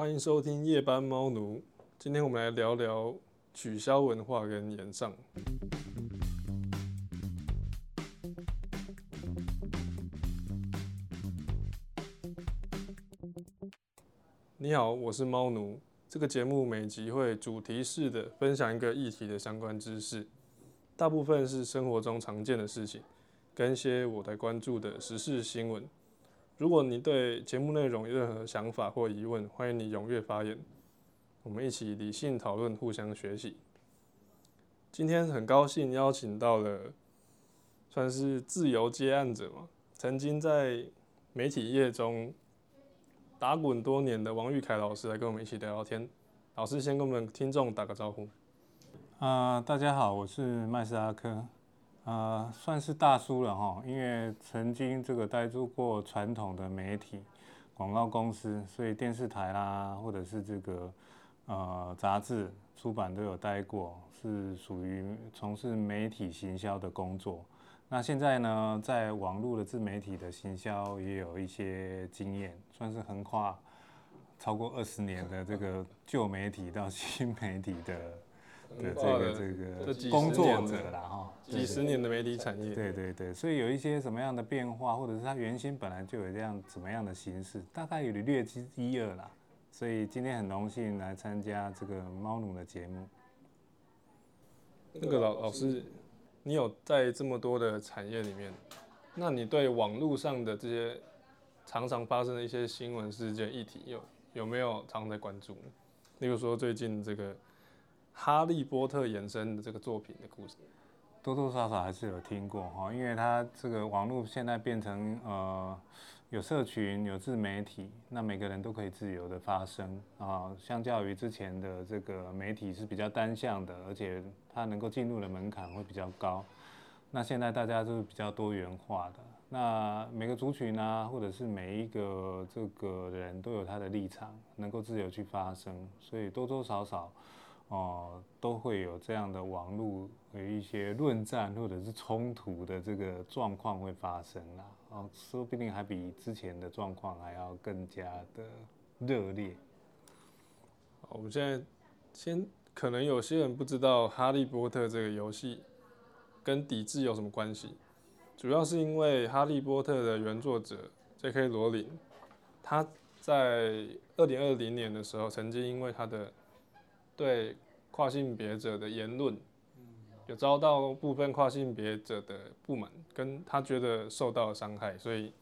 歡迎收聽《夜班貓奴》，今天我們來聊聊取消文化跟炎上。你好，我是貓奴。這個節目每集會主題式的分享一個議題的相關知識，大部分是生活中常見的事情，跟一些我在關注的時事新聞。如果你對節目內容有任何想法或疑問，歡迎你踴躍發言，我們一起理性討論，互相學習。今天很高興邀請到了，算是自由接案者嘛，曾經在媒體業中打滾多年的王玉凱老師來跟我們一起聊聊天。老師先跟我們聽眾打個招呼。啊、呃，大家好，我是麥斯阿克。呃，算是大叔了哈，因為曾經這個待過傳統的媒體廣告公司，所以電視台啦，或者是這個呃雜誌出版都有待過，是屬於從事媒體行銷的工作。那現在呢，在網絡的自媒體的行銷也有一些經驗，算是橫跨超過二十年的這個舊媒體到新媒體的。的對，這個這個工作者啦哈，幾十年的媒體產業，對，對對對，所以有一些什麼樣的變化，或者是它原先本來就有這樣怎麼樣的形式，大概有略知一二啦。所以今天很榮幸來參加這個貓奴的節目。那個老老師，你有在這麼多的產業裡面，那你對網絡上的這些常常發生的一些新聞事件、議題，有有沒有常常在關注呢？例如說最近這個。哈利波特延伸的這個作品的故事，多多少少還是有聽過哈，因為它這個網絡現在變成呃有社群、有自媒體，那每個人都可以自由的發聲啊。相較於之前的這個媒體是比較單向的，而且它能夠進入的門檻會比較高。那現在大家就是比較多元化的，那每個族群啊，或者是每一個這個人都有他的立場，能夠自由去發聲，所以多多少少。哦，都會有這樣的網絡有一些論戰或者是衝突的這個狀況會發生了，哦，說不定還比之前的狀況還要更加的熱烈。我們現在先，可能有些人不知道《哈利波特》這個遊戲跟抵制有什麼關係，主要是因為《哈利波特》的原作者 J.K. 羅琳，他在二零二零年的時候曾經因為他的。對跨性別者的言論，有遭到部分跨性別者的不滿，跟他覺得受到了傷害，所以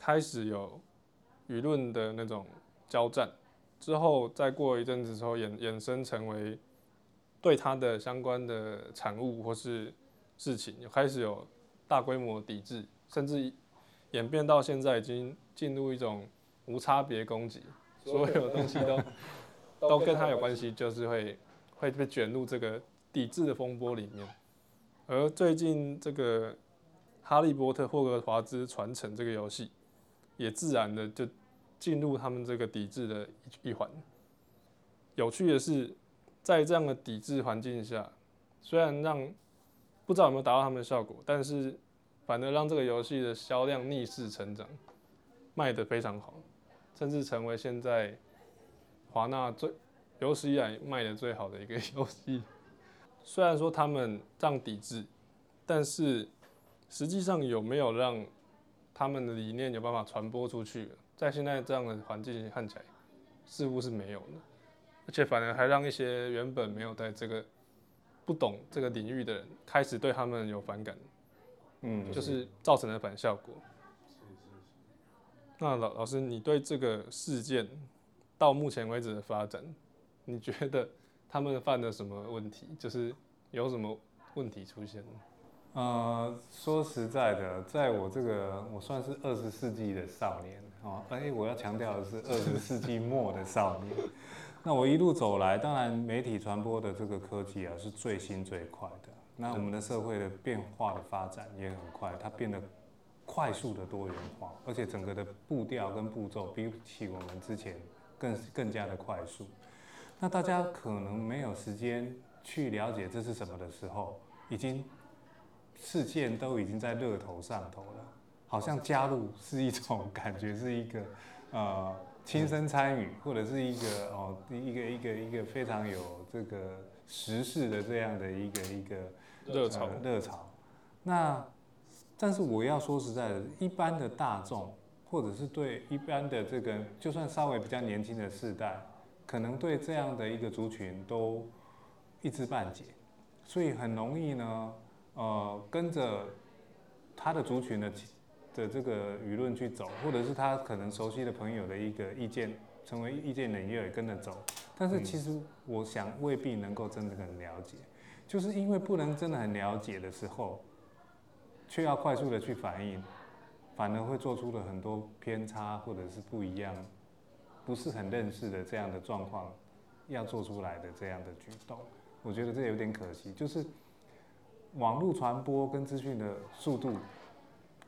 開始有輿論的那種交戰，之後再過一陣子之後，衍衍生成為對他的相關的產物或是事情，有開始有大規模抵制，甚至演變到現在已經進入一種無差別攻擊，所有的東西都。 都跟他有關係，就是會會被捲入這個抵制的風波裡面。而最近這個《哈利波特：霍格華茲傳承》這個遊戲，也自然的就進入他們這個抵制的一一環。有趣的是，在這樣的抵制環境下，雖然讓不知道有沒有達到他們的效果，但是反而讓這個遊戲的銷量逆勢成長，賣得非常好，甚至成為現在。華納最有史以來賣的最好的一個遊戲，雖然說他們這樣抵制，但是實際上有沒有讓他們的理念有辦法傳播出去？在現在這樣的環境看起來，似乎是沒有的，而且反而還讓一些原本沒有在這個不懂這個領域的人開始對他們有反感，嗯，就是造成了反效果。是是是，那老老師，你對這個事件到目前為止的發展，你覺得他們犯了什麼問題？就是有什麼問題出現了？呃，說實在的，在我這個我算是二十世紀的少年啊，而、哦欸、我要強調的是二十世紀末的少年。 那我一路走來，當然媒體傳播的這個科技啊是最新最快的，那我們的社會的變化的發展也很快，它變得快速的多元化，而且整個的步調跟步驟比起我們之前。更更加的快速，那大家可能沒有時間去了解這是什麼的時候，已經事件都已經在熱頭上頭了，好像加入是一種感覺，是一個呃親身參與或者是一個哦、呃、一個一個一個非常有這個時事的這樣的一個一個熱潮熱、呃、潮。那但是我要說實在的，一般的大眾。或者是對一般的這個，就算稍微比較年輕的世代，可能對這樣的一個族群都一知半解，所以很容易呢，呃，跟着他的族群的的這個輿論去走，或者是他可能熟悉的朋友的一個意見，成為意見領袖也跟着走，但是其實我想未必能夠真的很了解，就是因為不能真的很了解的時候，卻要快速的去反應。反而會做出了很多偏差，或者是不一樣，不是很認識的這樣的狀況，要做出來的這樣的舉動，我覺得這有點可惜。就是網絡傳播跟資訊的速度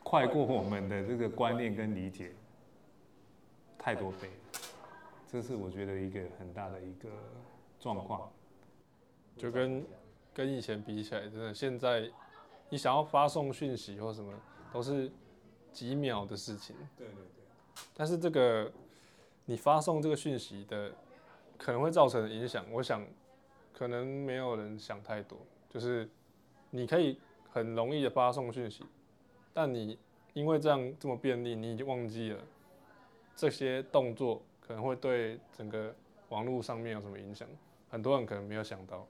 快過我們的這個觀念跟理解太多倍，這是我覺得一個很大的一個狀況。就跟跟以前比起來，真的現在你想要發送訊息或什麼都是。幾秒的事情，對對對。但是這個你發送這個訊息的可能會造成影響，我想可能沒有人想太多。就是你可以很容易的發送訊息，但你因為這樣這麼便利，你已經忘記了這些動作可能會對整個網絡上面有什麼影響，很多人可能沒有想到。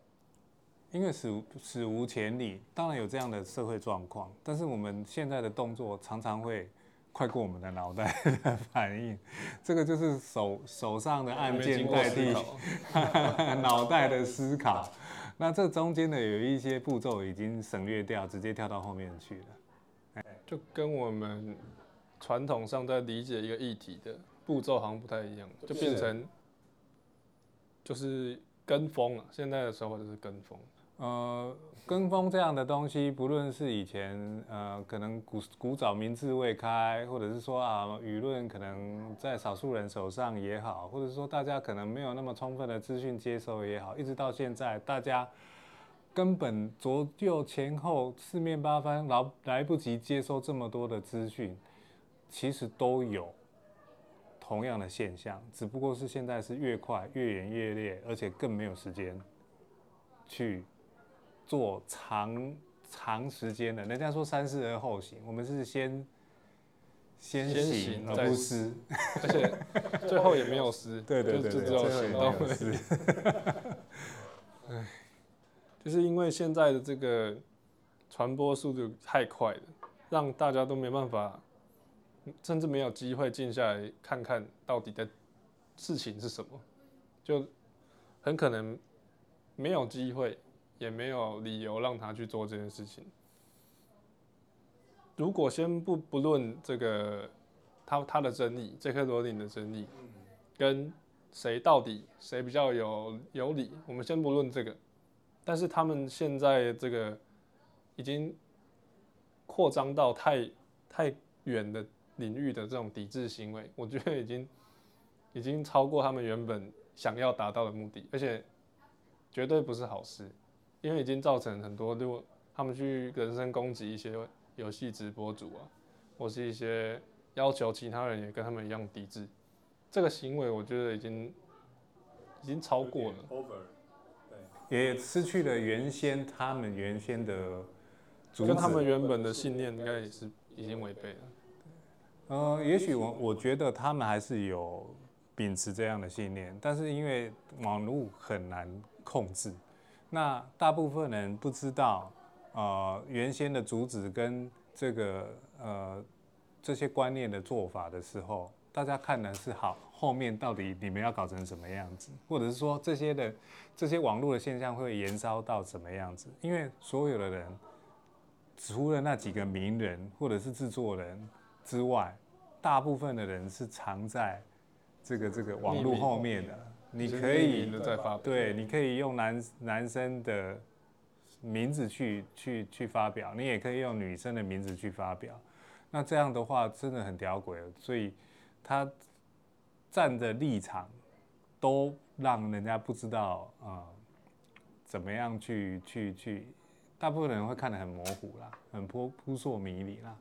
因為史無史無前例，當然有這樣的社會狀況，但是我們現在的動作常常會快過我們的腦袋的反應，這個就是手手上的按鍵代替 腦袋的思考， 那這中間的有一些步驟已經省略掉，直接跳到後面去了，就跟我們傳統上在理解一個議題的步驟好像不太一樣，就變成就是跟風了，是現在的說法就是跟風。呃，跟風這樣的東西，不論是以前呃，可能古古早民智未開，或者是說啊，輿論可能在少數人手上也好，或者是說大家可能沒有那麼充分的資訊接收也好，一直到現在，大家根本左右前後四面八方，然後來不及接收這麼多的資訊，其實都有同樣的現象，只不過是現在是越快越演越烈，而且更沒有時間去。做長長時間的，人家說三思而後行，我們是先先行而不思，失而且最後也沒有思， 對，對，對對對，就只有行動。哎 就是因為現在的這個傳播速度太快了，讓大家都沒辦法，甚至沒有機會靜下來看看到底的事情是什麼，就很可能沒有機會。也沒有理由讓他去做這件事情。如果先不不論這個他他的爭議，傑克羅琳的爭議，跟誰到底誰比較有有理，我們先不論這個。但是他們現在這個已經擴張到太太遠的領域的這種抵制行為，我覺得已經已經超過他們原本想要達到的目的，而且絕對不是好事。因為已經造成很多，就他們去人身攻擊一些遊戲直播主啊，或是一些要求其他人也跟他們一樣抵制，這個行為我覺得已經已經超過了，over，也失去了原先他們原先的組織，跟他們原本的信念應該也是已經違背了。嗯、呃，也許我我覺得他們還是有秉持這樣的信念，但是因為網絡很難控制。那大部分人不知道，呃，原先的主旨跟這個呃這些觀念的做法的時候，大家看的是好，後面到底你們要搞成什麼樣子，或者是說這些的這些網絡的現象會延燒到什麼樣子？因為所有的人，除了那幾個名人或者是製作人之外，大部分的人是藏在這個這個網絡後面的。你可以對，你可以用男男生的名字去去去發表，你也可以用女生的名字去發表。那這樣的話真的很吊詭，所以他站的立場都讓人家不知道啊、呃，怎麼樣去去去？大部分人會看得很模糊啦，很撲撲朔迷離啦。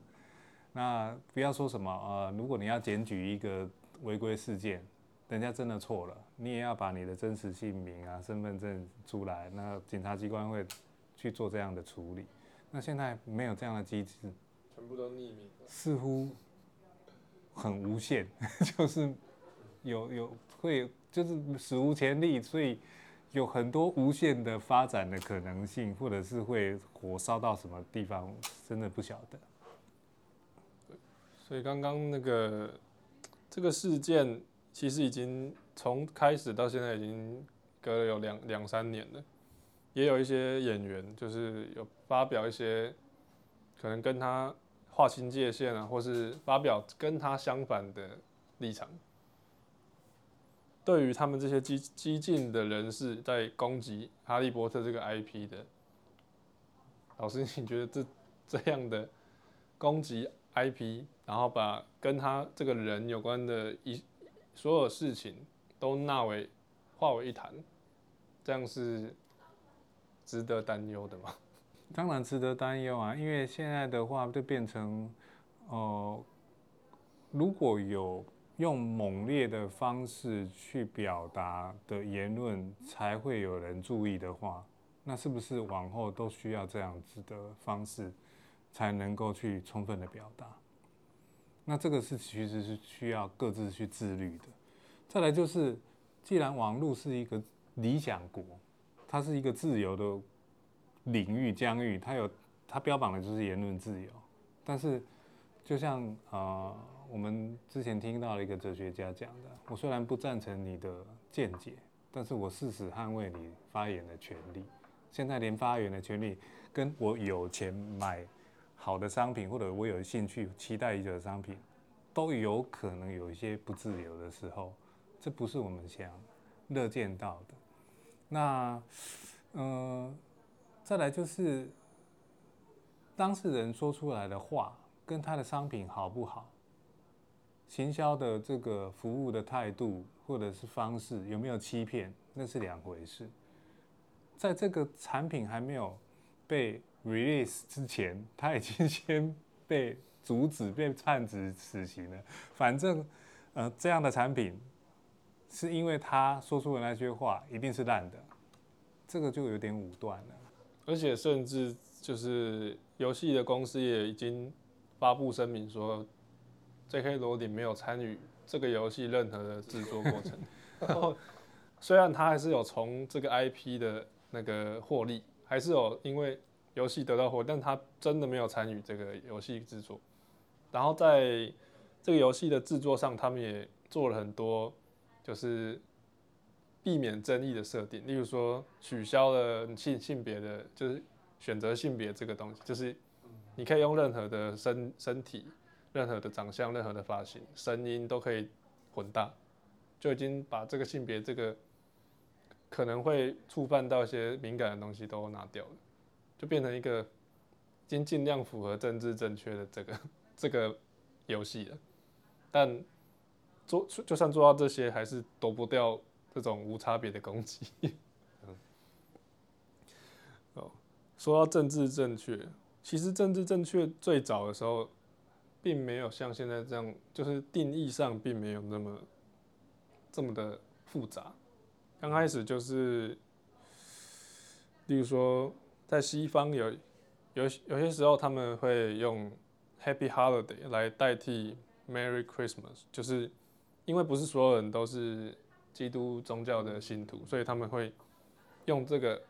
那不要說什麼呃，如果你要檢舉一個違規事件。人家真的錯了，你也要把你的真實姓名啊、身份證出來，那警察機關會去做這樣的處理。那現在沒有這樣的機制，全部都匿名，似乎很無限，就是有有會就是史無前例，所以有很多無限的發展的可能性，或者是會火燒到什麼地方，真的不曉得。所以剛剛那個這個事件。其實已經從開始到現在已經隔了有兩兩三年了，也有一些演員就是有發表一些可能跟他劃清界限啊，或是發表跟他相反的立場。對於他們這些激激進的人士在攻擊《哈利波特》這個 IP 的，老師，你覺得這這樣的攻擊 IP，然後把跟他這個人有關的一所有事情都納為化為一談，這樣是值得擔憂的嗎？當然值得擔憂啊，因為現在的話就變成，呃，如果有用猛烈的方式去表達的言論才會有人注意的話，那是不是往後都需要這樣子的方式才能夠去充分的表達？那這個是其實是需要各自去自律的。再來就是，既然網絡是一個理想國，它是一個自由的領域疆域，它有它標榜的就是言論自由。但是，就像呃我們之前聽到了一個哲學家講的，我雖然不贊成你的見解，但是我誓死捍衛你發言的權利。現在連發言的權利跟我有錢買。好的商品，或者我有興趣、期待已久的商品，都有可能有一些不自由的時候，這不是我們想樂見到的。那，嗯、呃，再來就是當事人說出來的話跟他的商品好不好，行銷的這個服務的態度或者是方式有沒有欺騙，那是兩回事。在這個產品還沒有被。release 之前，他已經先被阻止、被判死刑了。反正，呃，這樣的產品是因為他說出的那句話一定是爛的，這個就有點武斷了。而且，甚至就是遊戲的公司也已經發布聲明說，J.K. 羅琳沒有參與這個遊戲任何的制作過程。 然後雖然他還是有從這個 IP 的那個獲利，還是有因為。遊戲得到火，但他真的沒有參與這個遊戲制作。然後在這個遊戲的制作上，他們也做了很多，就是避免爭議的設定。例如說，取消了性性別的，就是選擇性別這個東西，就是你可以用任何的身身體、任何的長相、任何的髮型、聲音都可以混搭，就已經把這個性別這個可能會觸犯到一些敏感的東西都拿掉了。就變成一個，已經盡量符合政治正確的這個這個遊戲了。但做就算做到這些，還是躲不掉這種無差別的攻擊。嗯。說到政治正確，其實政治正確最早的時候，並沒有像現在這樣，就是定義上並沒有那麼這麼的複雜。剛開始就是，例如說。在西方有有有些時候他們會用 Happy Holiday 來代替 Merry Christmas，就是因為不是所有人都是基督宗教的信徒，所以他們會用這個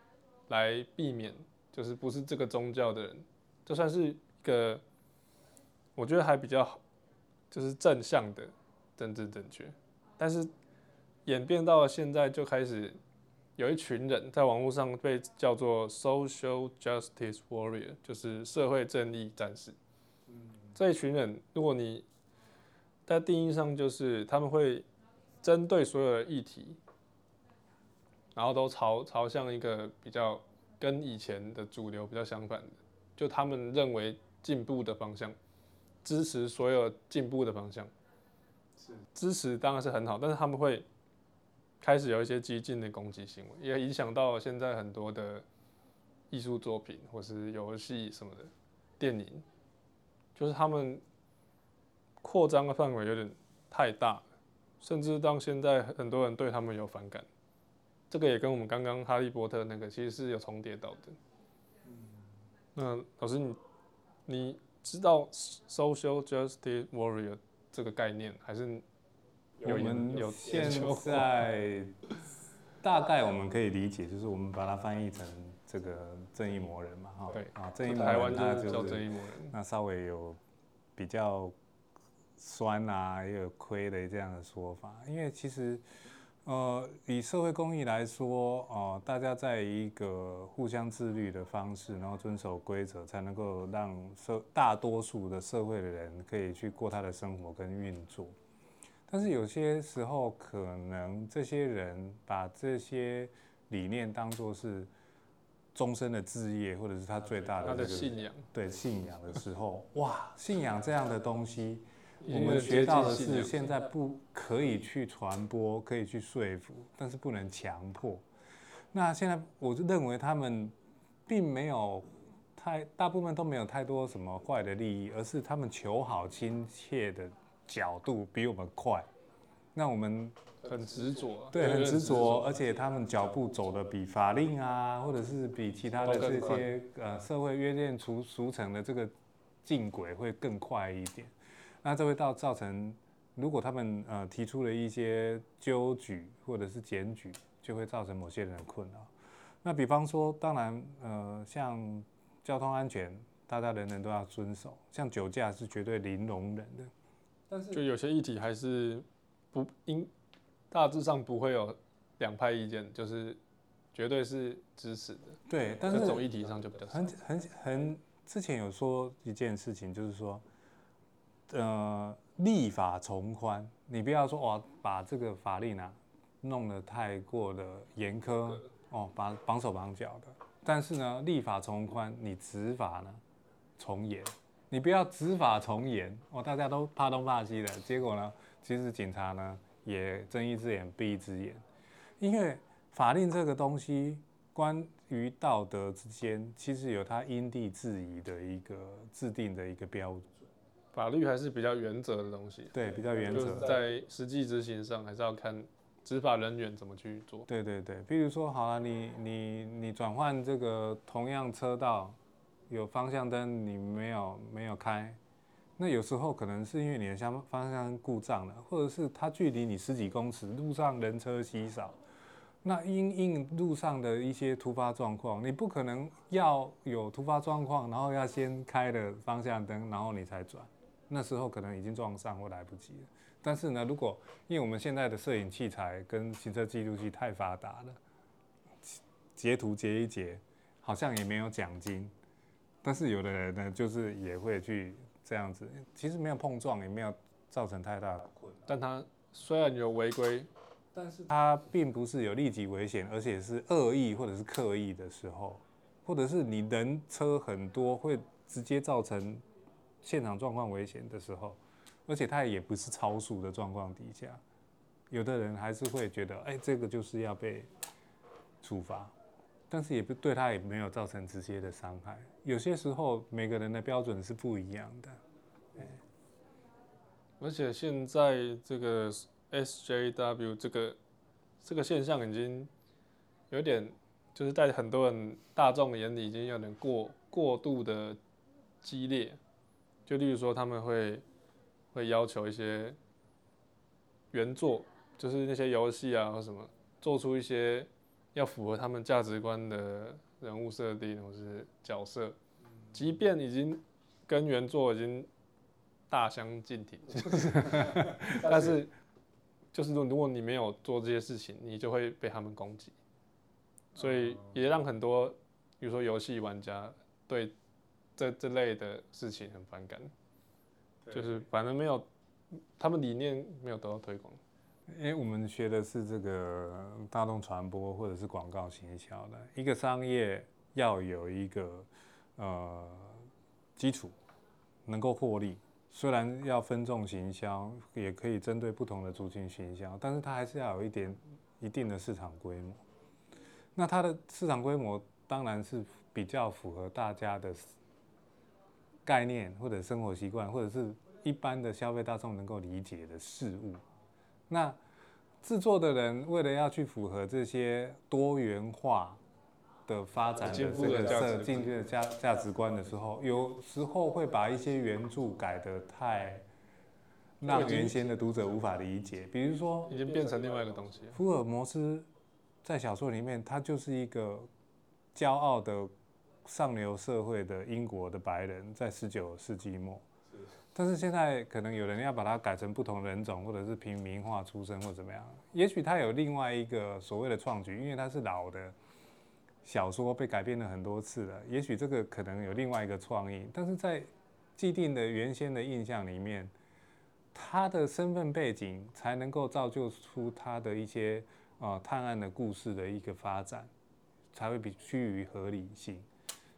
來避免，就是不是這個宗教的人，就算是一個我覺得還比較好，就是正向的政治正確，但是演變到了現在就開始。有一群人在網絡上被叫做 Social Justice Warrior，就是社會正義戰士。嗯、這一群人，如果你在定義上，就是他們會針對所有的議題，然後都朝朝向一個比較跟以前的主流比較相反的，就他們認為進步的方向，支持所有進步的方向。是支持當然是很好，但是他們會。開始有一些激進的攻擊行為，也影響到了現在很多的藝術作品，或是遊戲什麼的，電影，就是他們擴張的範圍有點太大，甚至到現在很多人對他們有反感。這個也跟我們剛剛哈利波特那個其實是有重疊到的。那老師你，你你知道 Social Justice Warrior 這個概念還是？我們有現在大概我們可以理解，就是我們把它翻譯成這個“正義魔人”嘛，哈對。對啊，正義魔人，台灣他就是那稍微有比較酸啊，也有虧的這樣的說法。因為其實，呃，以社會公益來說，啊、呃，大家在一個互相自律的方式，然後遵守規則，才能夠讓社大多數的社會的人可以去過他的生活跟運作。但是有些時候，可能這些人把這些理念當作是終身的置業，或者是他最大的那個信仰。對信仰的時候，哇，信仰這樣的東西，我們學到的是現在不可以去傳播，可以去說服，但是不能強迫。那現在，我就認為他們並沒有太大部分都沒有太多什麼壞的利益，而是他們求好親切的。角度比我們快，那我們很執着，對，很執着，而且他們腳步走的比法令啊，或者是比其他的這些呃社會約定俗俗成的這個進軌會更快一點，那這會到造成，如果他們呃提出了一些糾舉或者是檢舉，就會造成某些人的困擾。那比方說，當然呃，像交通安全，大家人人都要遵守，像酒駕是絕對零容忍的。就有些議題還是不應，大致上不會有兩派意見，就是絕對是支持的。對，但是這種議題上就比較、嗯。很很很，之前有說一件事情，就是說，呃，立法從寬，你不要說哦，把這個法律呢、啊、弄得太過的嚴苛哦，把綁手綁腳的。但是呢，立法從寬，你執法呢從嚴。你不要執法從嚴哦，大家都怕東怕西的。結果呢，其實警察呢也睜一隻眼閉一隻眼，因為法令，這個東西，關於道德之間，其實有它因地制宜的一個制定的一個標準。法律還是比較原則的東西，對，對比較原則。在實際執行上，還是要看執法人員怎麼去做。對對對，譬如說，好了，你你你轉換這個同樣車道，有方向燈，你沒有沒有開，那有時候可能是因為你的方向故障了，或者是它距離你十幾公尺，路上人車稀少，那因應路上的一些突發狀況，你不可能要有突發狀況，然後要先開的方向燈，然後你才轉，那時候可能已經撞上或來不及了。但是呢，如果因為我們現在的攝影器材跟行車記錄器太發達了，截圖截一截，好像也沒有獎金。但是有的人呢，就是也會去這樣子，其實沒有碰撞，也沒有造成太大的困難。但他雖然有違規，但是他並不是有立即危險，而且是惡意或者是刻意的時候，或者是你人車很多，會直接造成現場狀況危險的時候，而且他也不是超速的狀況底下，有的人還是會覺得，哎、欸，這個就是要被處罰。但是也不對，他也沒有造成直接的傷害。有些時候每個人的標準是不一樣的，而且現在這個 SJW 這個這個現象已經有點，就是在很多人大眾眼裡已經有點過過度的激烈。就例如說他們會會要求一些原作，就是那些遊戲啊或什麼，做出一些。要符合他們價值觀的人物設定，或者是角色，即便已經跟原作已經大相徑庭， 但是 但是就是如如果你沒有做這些事情，你就會被他們攻擊，所以也讓很多，比如說遊戲玩家對這這類的事情很反感，就是反正沒有他們理念沒有得到推廣。因為、欸、我們學的是這個大眾傳播或者是廣告行銷的。一個商業要有一個呃基礎能夠獲利，雖然要分眾行銷，也可以針對不同的族群行銷，但是它還是要有一點一定的市場規模。那它的市場規模當然是比較符合大家的概念或者生活習慣，或者是一般的消費大眾能夠理解的事物。那製作的人為了要去符合這些多元化的發展的這個社進的價價值觀的時候，有時候會把一些原著改得太讓原先的讀者無法理解，比如說已經變成另外一個東西。福爾摩斯在小說裡面，他就是一個驕傲的上流社會的英國的白人，在十九世紀末。但是現在可能有人要把它改成不同人種，或者是平民化出身，或者怎麼樣。也許它有另外一個所謂的創舉，因為它是老的小說被改編了很多次了。也許這個可能有另外一個創意，但是在既定的原先的印象裡面，他的身份背景才能夠造就出他的一些呃探案的故事的一個發展，才會比趨於合理性。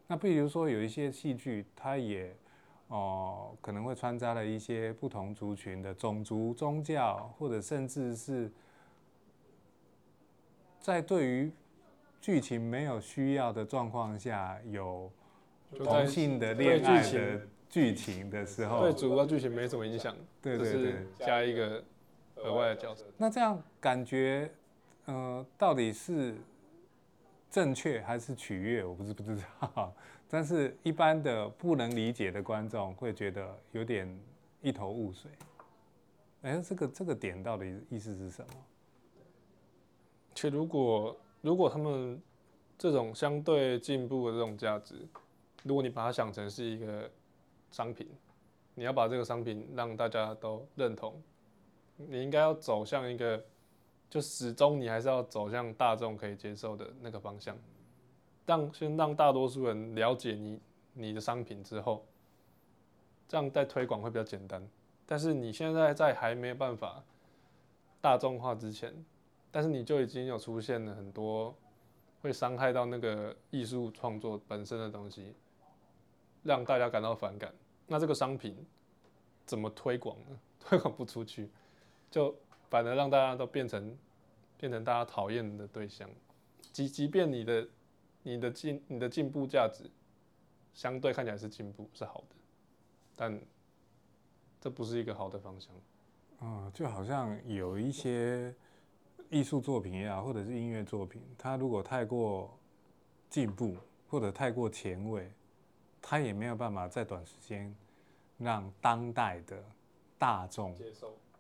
那比如說有一些戲劇，它也。哦、呃，可能會穿插了一些不同族群的種族、宗教，或者甚至是，在對於劇情沒有需要的狀況下，有同性的戀愛的劇情的時候，對主要劇情沒什麼影響，對對，對加一個額外的角色。嗯、那這樣感覺，呃，到底是正確還是取悅？我不是不知道。但是一般的不能理解的觀眾會覺得有點一頭霧水，哎，這個這個點到底意思是什麼？其實如果如果他們這種相對進步的這種價值，如果你把它想成是一個商品，你要把這個商品讓大家都認同，你應該要走向一個，就始終你還是要走向大眾可以接受的那個方向。讓先讓大多數人了解你，你的商品之後，這樣再推廣會比較簡單。但是你現在在還沒有辦法大眾化之前，但是你就已經有出現了很多會傷害到那個藝術創作本身的東西，讓大家感到反感。那這個商品怎麼推廣呢？推廣不出去，就反而讓大家都變成變成大家討厭的對象。即即便你的。你的進你的進步價值，相對看起來是進步是好的，但這不是一個好的方向。嗯，就好像有一些藝術作品也好，或者是音樂作品，它如果太過進步或者太過前衛，它也沒有辦法在短時間讓當代的大眾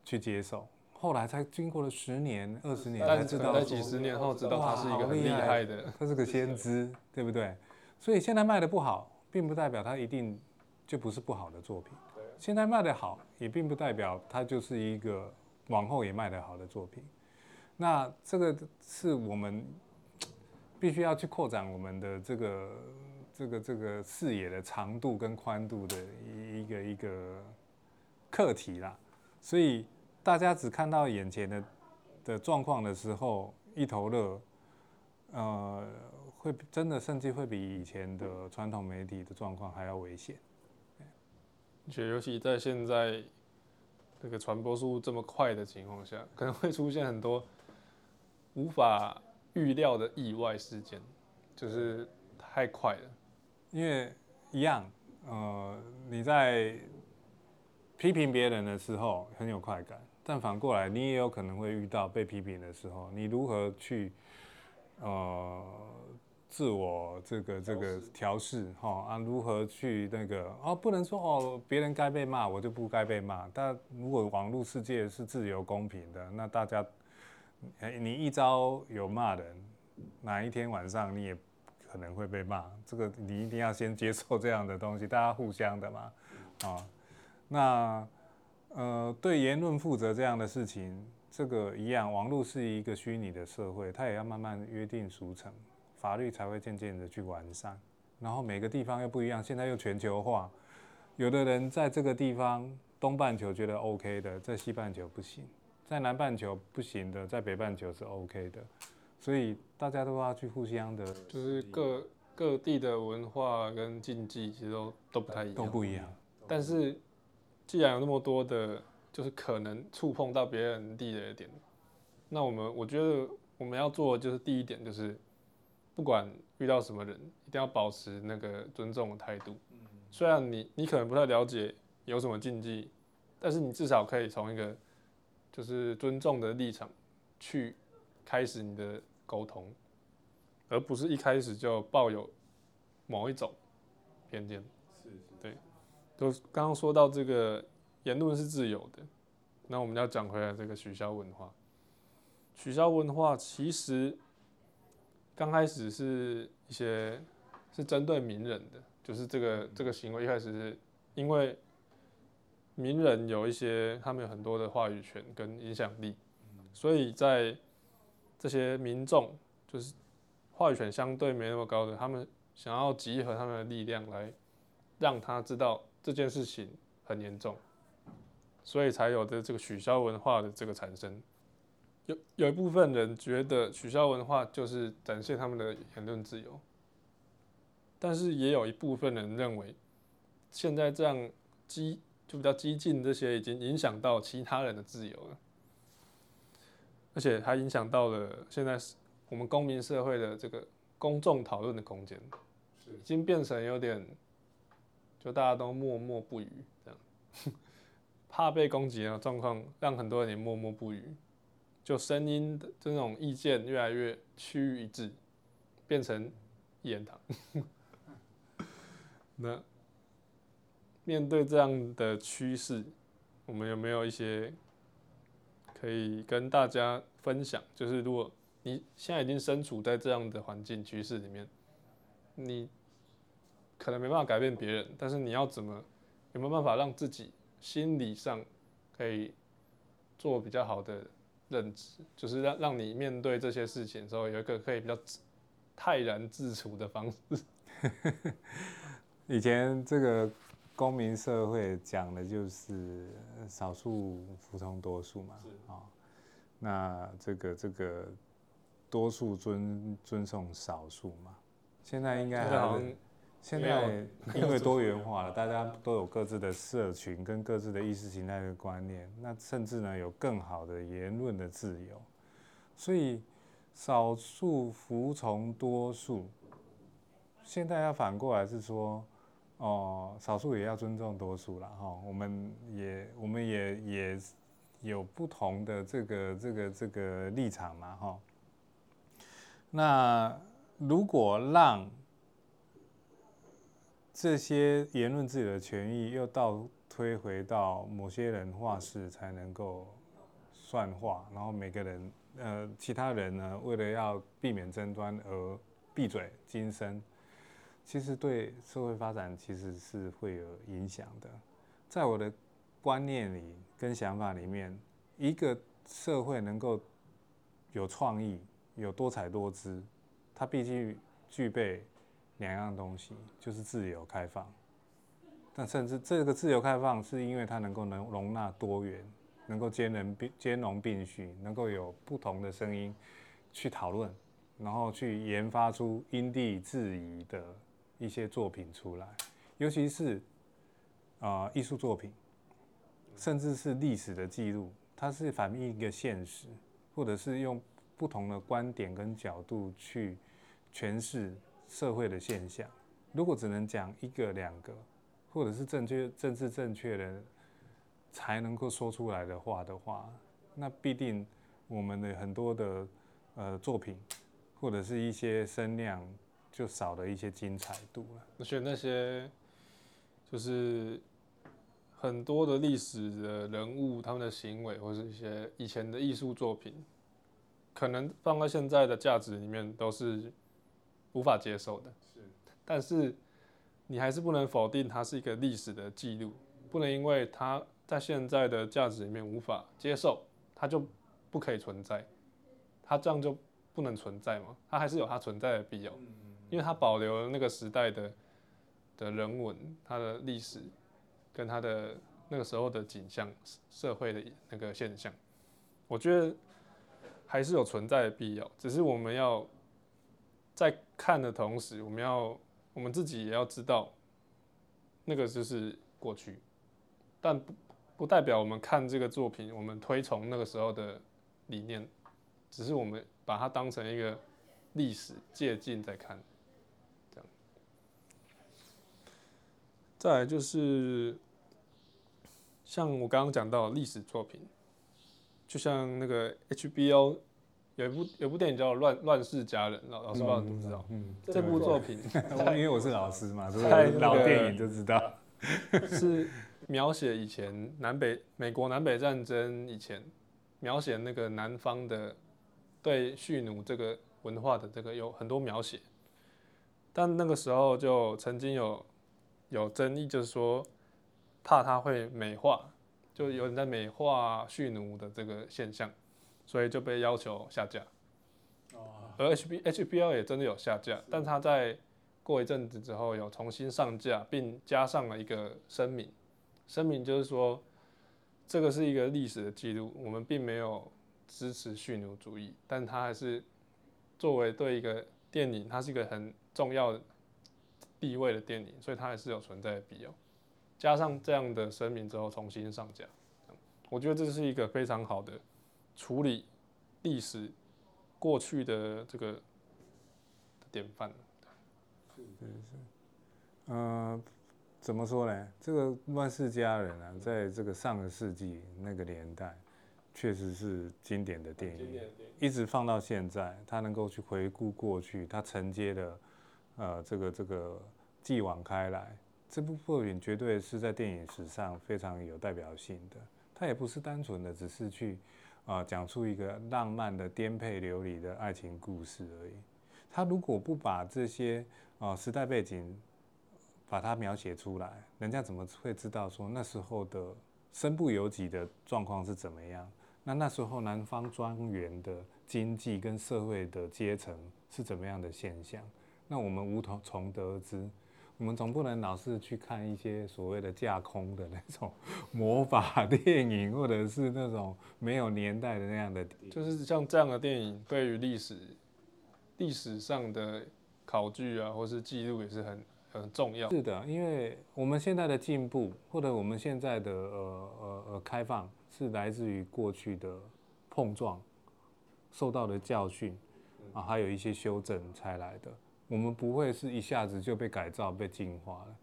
去接受。後來才經過了十年、二十年才知道，在幾十年後知道他是一個很厲害的，他是個先知，的對不對？所以現在賣得不好，並不代表他一定就不是不好的作品。對現在賣得好，也並不代表他就是一個往後也賣得好的作品。那這個是我們必須要去擴展我們的這個這個這個視野的長度跟寬度的一一個一個課題啦。所以。大家只看到眼前的的狀況的時候，一頭熱，呃，會真的甚至會比以前的傳統媒體的狀況還要危險。你覺得，尤其在現在這個傳播速度這麼快的情況下，可能會出現很多無法預料的意外事件，就是太快了。因為一樣，呃，你在批評別人的時候很有快感。但反過來，你也有可能會遇到被批評的時候，你如何去，呃，自我這個這個調適哈啊，如何去那個啊、哦，不能說哦，別人該被罵我就不該被罵。但如果網絡世界是自由公平的，那大家，你一朝有罵人，哪一天晚上你也可能會被罵，這個你一定要先接受這樣的東西，大家互相的嘛，啊、哦，那。呃，對言論負責這樣的事情，這個一樣，網絡是一個虛擬的社會，它也要慢慢約定俗成，法律才會漸漸的去完善。然後每個地方又不一樣，現在又全球化，有的人在這個地方東半球覺得 OK 的，在西半球不行，在南半球不行的，在北半球是 OK 的。所以大家都要去互相的，就是各各地的文化跟禁忌其實都都不太一樣，都不一樣，但是。既然有那麼多的，就是可能觸碰到別人地雷點，那我們我覺得我們要做的就是第一點就是，不管遇到什麼人，一定要保持那個尊重的態度。雖然你你可能不太了解有什麼禁忌，但是你至少可以從一個就是尊重的立場去開始你的溝通，而不是一開始就抱有某一種偏見。就剛剛說到這個言論是自由的，那我們要講回來這個取消文化。取消文化其實剛開始是一些是針對名人的，就是這個這個行為一開始是因為名人有一些他們有很多的話語權跟影響力，所以在這些民眾就是話語權相對沒那麼高的，他們想要集合他們的力量來讓他知道。這件事情很嚴重，所以才有的這個取消文化的這個產生。有有一部分人覺得取消文化就是展現他們的言論自由，但是也有一部分人認為，現在這樣激就比較激進，這些已經影響到其他人的自由了，而且還影響到了現在我們公民社會的這個公眾討論的空間，已經變成有點。就大家都默默不語，這樣怕被攻擊的狀況讓很多人也默默不語，就聲音的這種意見越來越趨於一致，變成一言堂。 那面對這樣的趨勢，我們有沒有一些可以跟大家分享？就是如果你現在已經身處在這樣的環境局勢裡面，你。可能沒辦法改變別人，但是你要怎麼，有沒有辦法讓自己心理上可以做比較好的認知，就是讓讓你面對這些事情的時候，有一個可以比較泰然自處的方式。 以前這個公民社會講的就是少數服從多數嘛，啊是、哦，那這個這個多數尊尊重少數嘛，現在應該好像。嗯現在因為多元化了，大家都有各自的社群跟各自的意識形態的觀念，那甚至呢有更好的言論的自由，所以少數服從多數。現在要反過來是說，哦，少數也要尊重多數了哈。我們也我們也也有不同的這個這個這個立場嘛哈。那如果讓這些言論自己的權益，又倒推回到某些人話事才能夠算話，然後每個人呃，其他人呢，為了要避免爭端而閉嘴噤聲，其實對社會發展其實是會有影響的。在我的觀念裡跟想法裡面，一個社會能夠有創意、有多彩多姿，它必須具備。兩樣東西，就是自由開放，但甚至這個自由開放是因為它能夠能容納多元，能夠兼能兼容並蓄，能夠有不同的聲音去討論，然後去研發出因地制宜的一些作品出來，尤其是啊、呃、藝術作品，甚至是歷史的記錄，它是反映一個現實，或者是用不同的觀點跟角度去詮釋社會的現象，如果只能講一個兩個，或者是正確政治正確的才能夠說出來的話的話，那必定我們的很多的呃作品或者是一些聲量就少了一些精彩度了。選那些就是很多的歷史的人物他們的行為或者是一些以前的藝術作品，可能放在現在的價值裡面都是。無法接受的，是，但是你還是不能否定它是一個歷史的記錄，不能因為它在現在的價值裡面無法接受，它就不可以存在，它這樣就不能存在嗎？它還是有它存在的必要，因為它保留了那個時代的的人文，它的歷史跟它的那個時候的景象，社會的那個現象，我覺得還是有存在的必要，只是我們要在。看的同時，我們要我們自己也要知道，那個就是過去，但不，不代表我們看這個作品，我們推崇那個時候的理念，只是我們把它當成一個歷史借鏡在看，這樣。再來就是，像我剛剛講到歷史作品，就像那個 HBO。有一部有部電影叫《亂亂世佳人》，老，老師不知道？嗯，這部作品，因為我是老師嘛，看老電影就知道，這個、 是描寫以前南北美國南北戰爭以前，描寫那個南方的對蓄奴這個文化的這個有很多描寫，但那個時候就曾經有有爭議，就是說怕它會美化，就有人在美化蓄奴的這個現象。所以就被要求下架，而 H B H B O 也真的有下架，是但它在過一陣子之後有重新上架，並加上了一個聲明，聲明就是說這個是一個歷史的記錄，我們並沒有支持蓄奴主義，但它還是作為對一個電影，它是一個很重要的地位的電影，所以它還是有存在的必要。加上這樣的聲明之後重新上架，我覺得這是一個非常好的。處理歷史過去的這個典範，是是是，嗯、呃，怎麼說呢？這個《亂世佳人》啊，在這個上個世紀那個年代，確實是經典的電影，電影一直放到現在。它能夠去回顧過去，它承接的，呃，這個這個繼往開來，這部作品絕對是在電影史上非常有代表性的。它也不是單純的只是去。啊，講出一個浪漫的顛沛流離的愛情故事而已。他如果不把這些啊時代背景把它描寫出來，人家怎麼會知道說那時候的身不由己的狀況是怎麼樣？那那時候南方莊園的經濟跟社會的階層是怎麼樣的現象？那我們無從得知。我們總不能老是去看一些所謂的架空的那種魔法電影，或者是那種沒有年代的那樣的，就是像這樣的電影。對，對於歷史歷史上的考據啊，或是記錄也是很很重要。是的，因為我們現在的進步，或者我們現在的呃呃呃開放，是來自於過去的碰撞，受到的教訓啊，還有一些修正才來的。我們不會是一下子就被改造，被進化了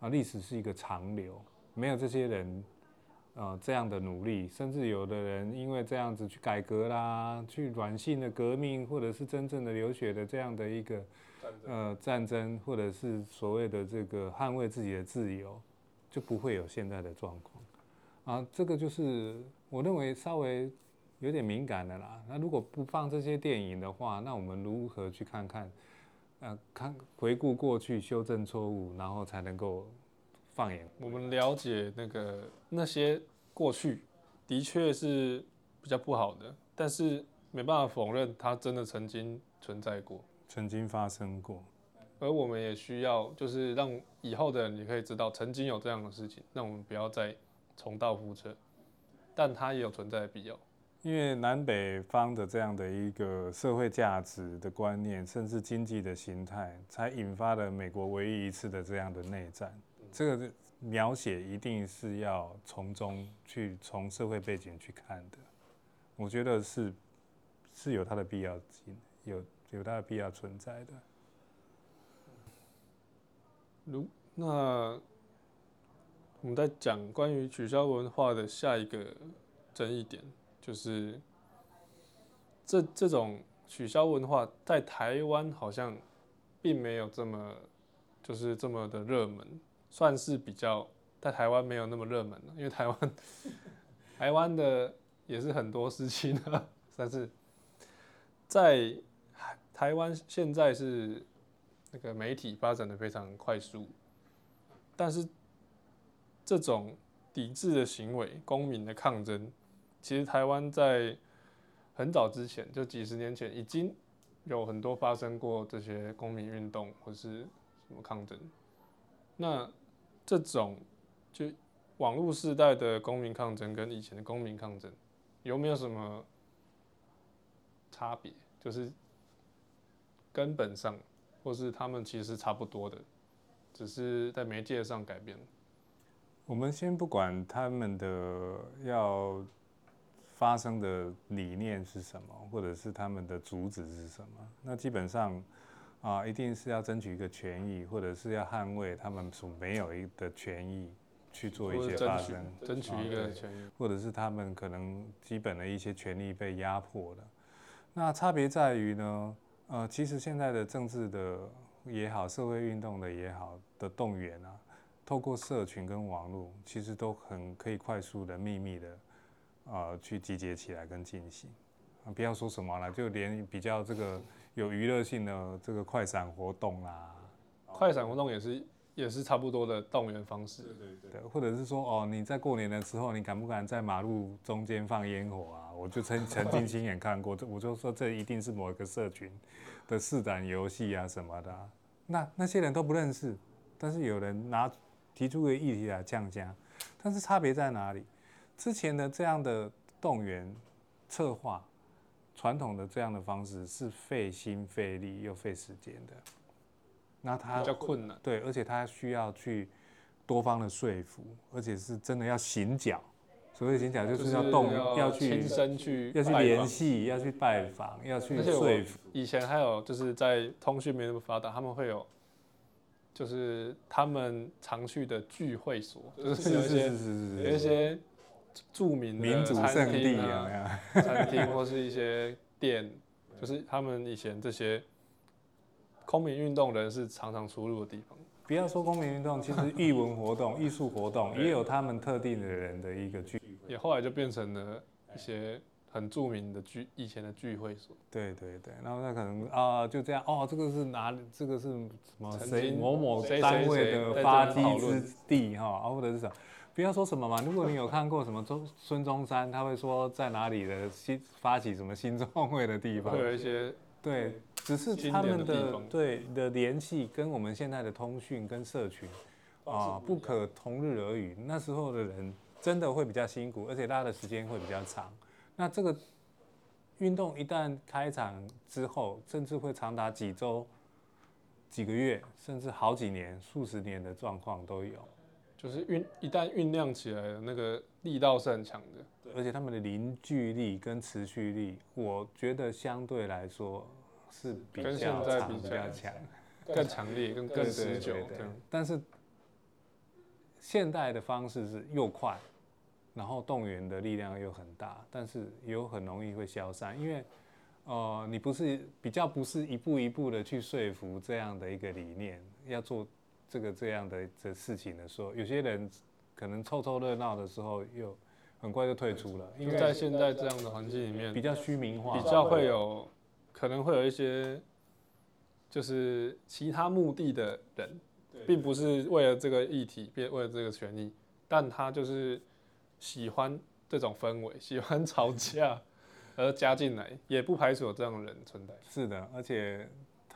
啊！歷史是一個長流，沒有這些人，呃，這樣的努力，甚至有的人因為這樣子去改革啦，去軟性的革命，或者是真正的流血的這樣的一個戰爭，呃，戰爭，或者是所謂的這個捍衛自己的自由，就不會有現在的狀況啊！這個就是我認為稍微有點敏感的啦。那如果不放這些電影的話，那我們如何去看看？啊，看、呃、回顧過去，修正錯誤，然後才能夠放眼。我們了解那個那些過去的確是比較不好的，但是沒辦法否認它真的曾經存在過，曾經發生過。而我們也需要，就是讓以後的人你可以知道曾經有這樣的事情，那我們不要再重蹈覆轍。但它也有存在的必要。因為南北方的這樣的一個社會價值的觀念，甚至經濟的形態，才引發了美國唯一一次的這樣的內戰。這個描寫一定是要從中去，從社會背景去看的，我覺得是是有它的必要性，有有它的必要存在的。如，那我們在講關於取消文化的下一個爭議點。就是這這種取消文化在台灣好像並沒有這麼，就是這麼的熱門，算是比較在台灣沒有那麼熱門了。因為台灣台灣的也是很多時期的，但是在台灣現在是那個媒體發展得非常快速，但是這種抵制的行為，公民的抗爭。其實台灣在很早之前，就幾十年前已經有很多發生過這些公民運動或是什麼抗爭。那這種就網絡時代的公民抗爭跟以前的公民抗爭有沒有什麼差別？就是根本上，或是他們其實差不多的，只是在媒介上改變。我們先不管他們的要。發生的理念是什麼，或者是他們的主旨是什麼？那基本上，啊，一定是要爭取一個權益，或者是要捍衛他們所沒有的權益，去做一些發聲。爭取一個權益，或者是他們可能基本的一些權利被壓迫了。那差別在於呢，呃，其實現在的政治的也好，社會運動的也好，的動員啊，透過社群跟網絡，其實都很可以快速的、秘密的。呃，去集結起來跟進行，啊，不要說什麼了，就連比較這個有娛樂性的這個快閃活動啦，啊，快閃活動也是也是差不多的動員方式，對對對，對，或者是說哦，你在過年的時候，你敢不敢在馬路中間放煙火啊？我就曾曾經親眼看過， 我就說這一定是某一個社群的試膽遊戲啊什麼的，啊，那那些人都不認識，但是有人拿提出個議題來嗆嗆，但是差別在哪裡？之前的這樣的動員策劃，傳統的這樣的方式是費心費力又費時間的，那他比較困難。對，而且它需要去多方的說服，而且是真的要行腳，所謂行腳就是要動，要去親身去要去聯繫，要去拜訪，要，要，要去說服。以前還有就是在通訊沒那麼發達，他們會有就是他們常去的聚會所，就是一些一些。著名民主聖地啊，餐廳或是一些店， 就是他們以前這些公民運動人是常常出入的地方。不要說公民運動，其實藝文活動、藝術活動也有他們特定的人的一個聚會。也後來就變成了一些很著名的聚以前的聚會所。對對對，然後他可能啊、呃、就這樣哦，這個是哪？這個是什麼？誰某某單位的發跡之地哈？啊或者是什麼？啊你要說什麼嘛？如果你有看過什麼中孫中山，他 會說在哪裡的新發起什麼興中會的地方，對一些對，只是他們的的對的聯繫跟我們現在的通訊跟社群啊不、呃、不可同日而語。那時候的人真的會比較辛苦，而且他的時間會比較長。那這個運動一旦開場之後，甚至會長達幾周、幾個月，甚至好幾年、數十年的狀況都有。就是運一旦醞釀起來了，那個力道是很強的，而且他們的凝聚力跟持續力，我覺得相對來說是比較強，跟現在比較強，對，更強烈、更更持久。但是現代的方式是又快，然後動員的力量又很大，但是又很容易會消散，因為呃，你不是比較不是一步一步的去說服這樣的一個理念要做，這個這樣的的事情的時候，有些人可能湊湊熱鬧的時候，又很快就退出了。因為在現在這樣的環境裡面，比較虛名化，比較會有、哦，可能會有一些就是其他目的的人，並不是為了這個議題，為為了這個權益，但他就是喜歡這種氛圍，喜歡吵架而加進來， 也不排除有這樣的人存在。是的，而且。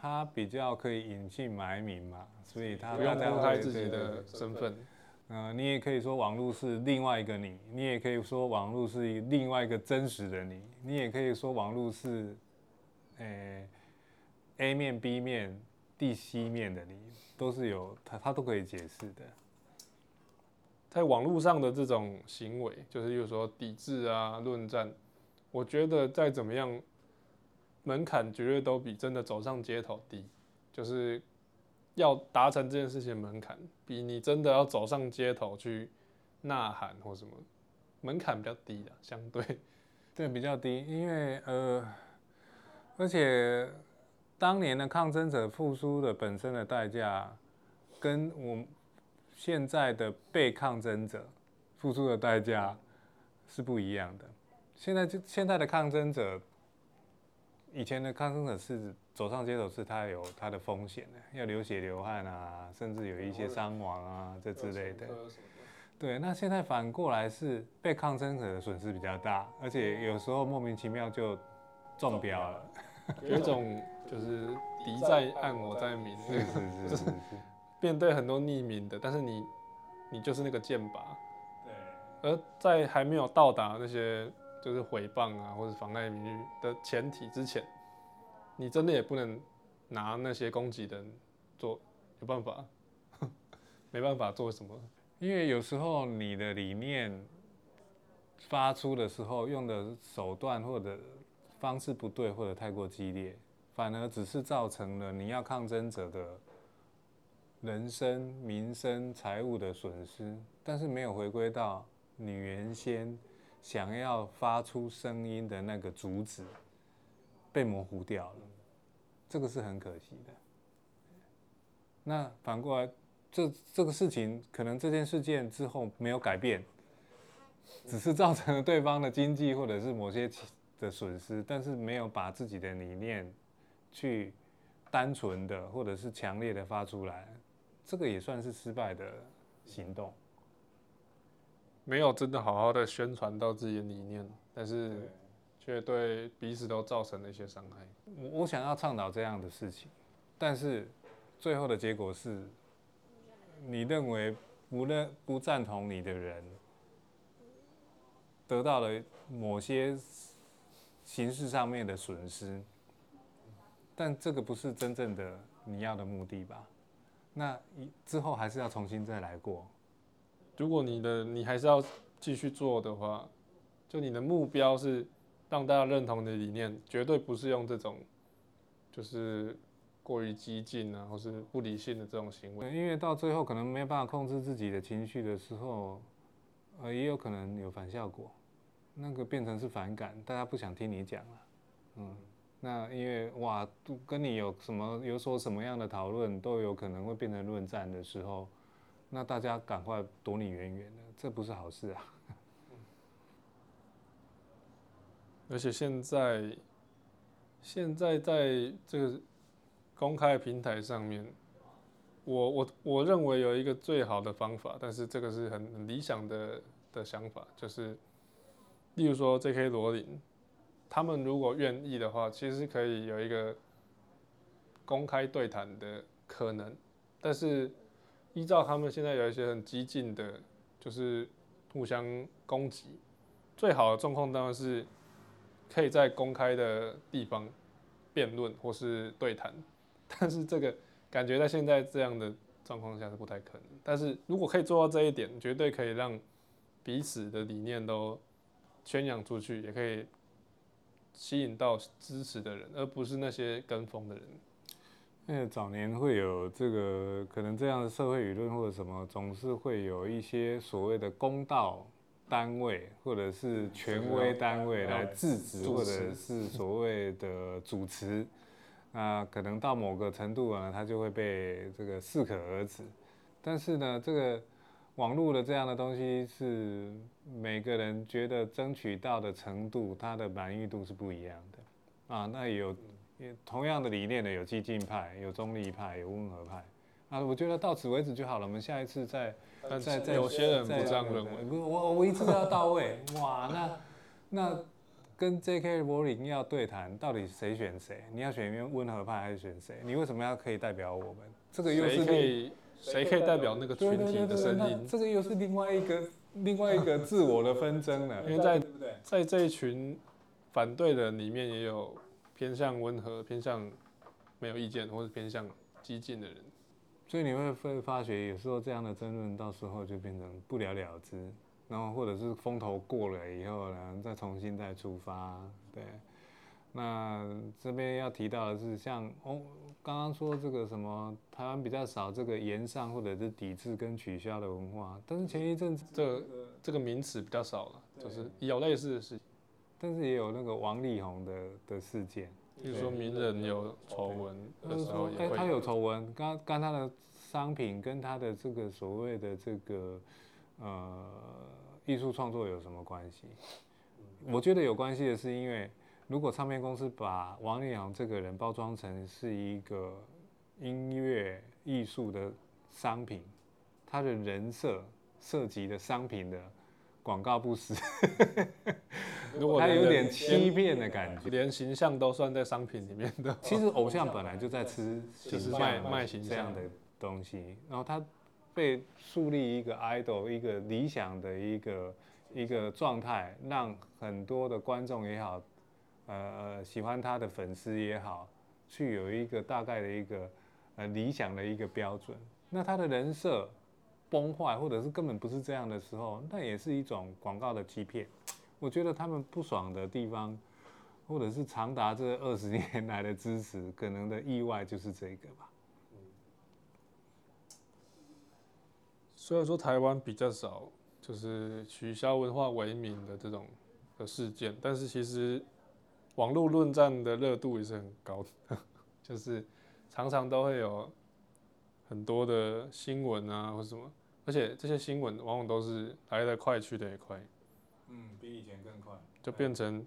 他比較可以隱姓埋名嘛，所以他不要公開自己的身份。嗯，你也可以說網絡是另外一個你，你也可以說網絡是另外一個真實的你，你也可以說網絡是，呃、欸，A 面、B 面、D、C 面的你，都是有，他他都可以解釋的。在網絡上的這種行為，就是又說抵制啊、論戰，我覺得再怎麼樣，門檻絕對都比真的走上街頭低，就是要達成這件事情門檻，比你真的要走上街頭去吶喊或什麼，門檻比較低啊，相對，對，比較低，因為呃，而且當年的抗爭者付出的本身的代價，跟我現在的被抗爭者付出的代價是不一樣的。現在就現在的抗爭者。以前的抗爭者是走上街頭，是它有它的風險的，要流血流汗啊，甚至有一些傷亡啊，這之類的。對，那現在反過來是被抗爭者的損失比較大，而且有時候莫名其妙就中標了，有一種就是敵在暗我在明，面對很多匿名的，但是你你就是那個箭靶，而在還沒有到達那些，就是毀謗啊，或者妨礙名譽的前提之前，你真的也不能拿那些攻擊人做有辦法，沒辦法做什麼。因為有時候你的理念發出的時候，用的手段或者方式不對，或者太過激烈，反而只是造成了你要抗爭者的人身、民生、財務的損失，但是沒有回歸到你原先。想要發出聲音的那個主旨被模糊掉了，這個是很可惜的。那反過來這，這這個事情可能這件事件之後沒有改變，只是造成了對方的經濟或者是某些的損失，但是沒有把自己的理念去單純的或者是強烈的發出來，這個也算是失敗的行動。沒有真的好好的宣傳到自己的理念，但是卻對彼此都造成了一些傷害。我我想要倡導這樣的事情，但是最後的結果是，你認為不認不贊同你的人得到了某些形式上面的損失，但這個不是真正的你要的目的吧？那以，之後還是要重新再來過。如果你的你還是要繼續做的話，就你的目標是讓大家認同的理念，絕對不是用這種就是過於激進啊，或是不理性的這種行為。嗯，因為到最後可能沒辦法控制自己的情緒的時候，呃，也有可能有反效果，那個變成是反感，大家不想聽你講了、啊。嗯，那因為哇，跟你有什麼有所什麼樣的討論，都有可能會變成論戰的時候。那大家趕快躲你遠遠的，這不是好事啊！而且現在，現在在這個公開平台上面，我我我認為有一個最好的方法，但是這個是很理想的的想法，就是，例如說 J.K. 羅琳，他們如果願意的話，其實可以有一個公開對談的可能，但是。依照他們現在有一些很激進的，就是互相攻擊。最好的狀況當然是可以在公開的地方辯論或是對談，但是這個感覺在現在這樣的狀況下是不太可能。但是如果可以做到這一點，絕對可以讓彼此的理念都宣揚出去，也可以吸引到支持的人，而不是那些跟風的人。因為早年會有這個可能，這樣的社會輿論或者什麼，總是會有一些所謂的公道單位或者是權威單位來制止，或者是所謂的主持。那、 呃、可能到某個程度呢、啊，它就會被這個適可而止。但是呢，這個網絡的這樣的東西是每個人覺得爭取到的程度，它的滿意度是不一樣的。啊，那有。也同樣的理念的有激進派，有中立派，有溫和派。啊，我覺得到此為止就好了。我們下一次再再再，有些人不這樣認為，不我我一次都要到位 哇？那那跟 J K Rowling 要對談，到底誰選誰？你要選一名溫和派還是選誰？你為什麼要可以代表我們？這個又是可以誰可以代表那個群體的聲音？對對對對對，這個又是另外一個 另外一個自我的紛爭呢。對對對對對，因為在在這一群反對的人裡面也有。偏向溫和，偏向沒有意見，或者偏向激進的人，所以你會會發覺，有時候這樣的爭論到時候就變成不了了之，然後或者是風頭過了以後，然後再重新再出發。對，那這邊要提到的是像，像哦，剛剛說這個什麼台灣比較少這個炎上或者是抵制跟取消的文化，但是前一陣子這個、這個名詞比較少了，就是有類似的事情。但是也有那個王力宏的的事件，就說名人有醜聞，他他有醜聞。跟跟他的商品跟他的這個所謂的這個呃藝術創作有什麼關係？嗯、我覺得有關係的是，因為如果唱片公司把王力宏這個人包裝成是一個音樂藝術的商品，他的人設涉及的商品的。廣告不實，如果他有點欺騙的感覺，連形象都算在商品裡面的。其實偶像本來就在吃賣賣形象的東西，然後他被樹立一個 idol，一個理想的一個一個狀態，讓很多的觀眾也好，呃呃喜歡他的粉絲也好，去有一個大概的一個呃理想的一個標準。那他的人設。崩壞，或者是根本不是這樣的時候，那也是一種廣告的欺騙。我覺得他們不爽的地方，或者是長達這二十年來的支持，可能的意外就是這個吧。雖然說台灣比較少，就是取消文化為名的這種的事件，但是其實網絡論戰的熱度也是很高的，就是常常都會有很多的新聞啊，或什麼。而且這些新聞往往都是來的快去的也快，嗯，比以前更快，就變成，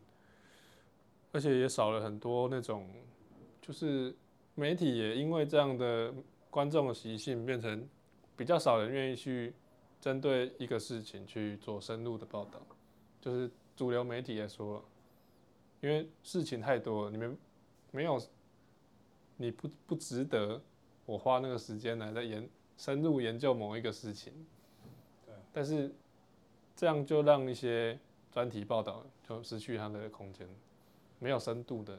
而且也少了很多那種，就是媒體也因為這樣的觀眾的習性，變成比較少人願意去針對一個事情去做深入的報道，就是主流媒體也說了，因為事情太多了，你們沒有，你不不值得我花那個時間來在研。深入研究某一個事情，但是這樣就讓一些專題報道就失去它的空間，沒有深度的，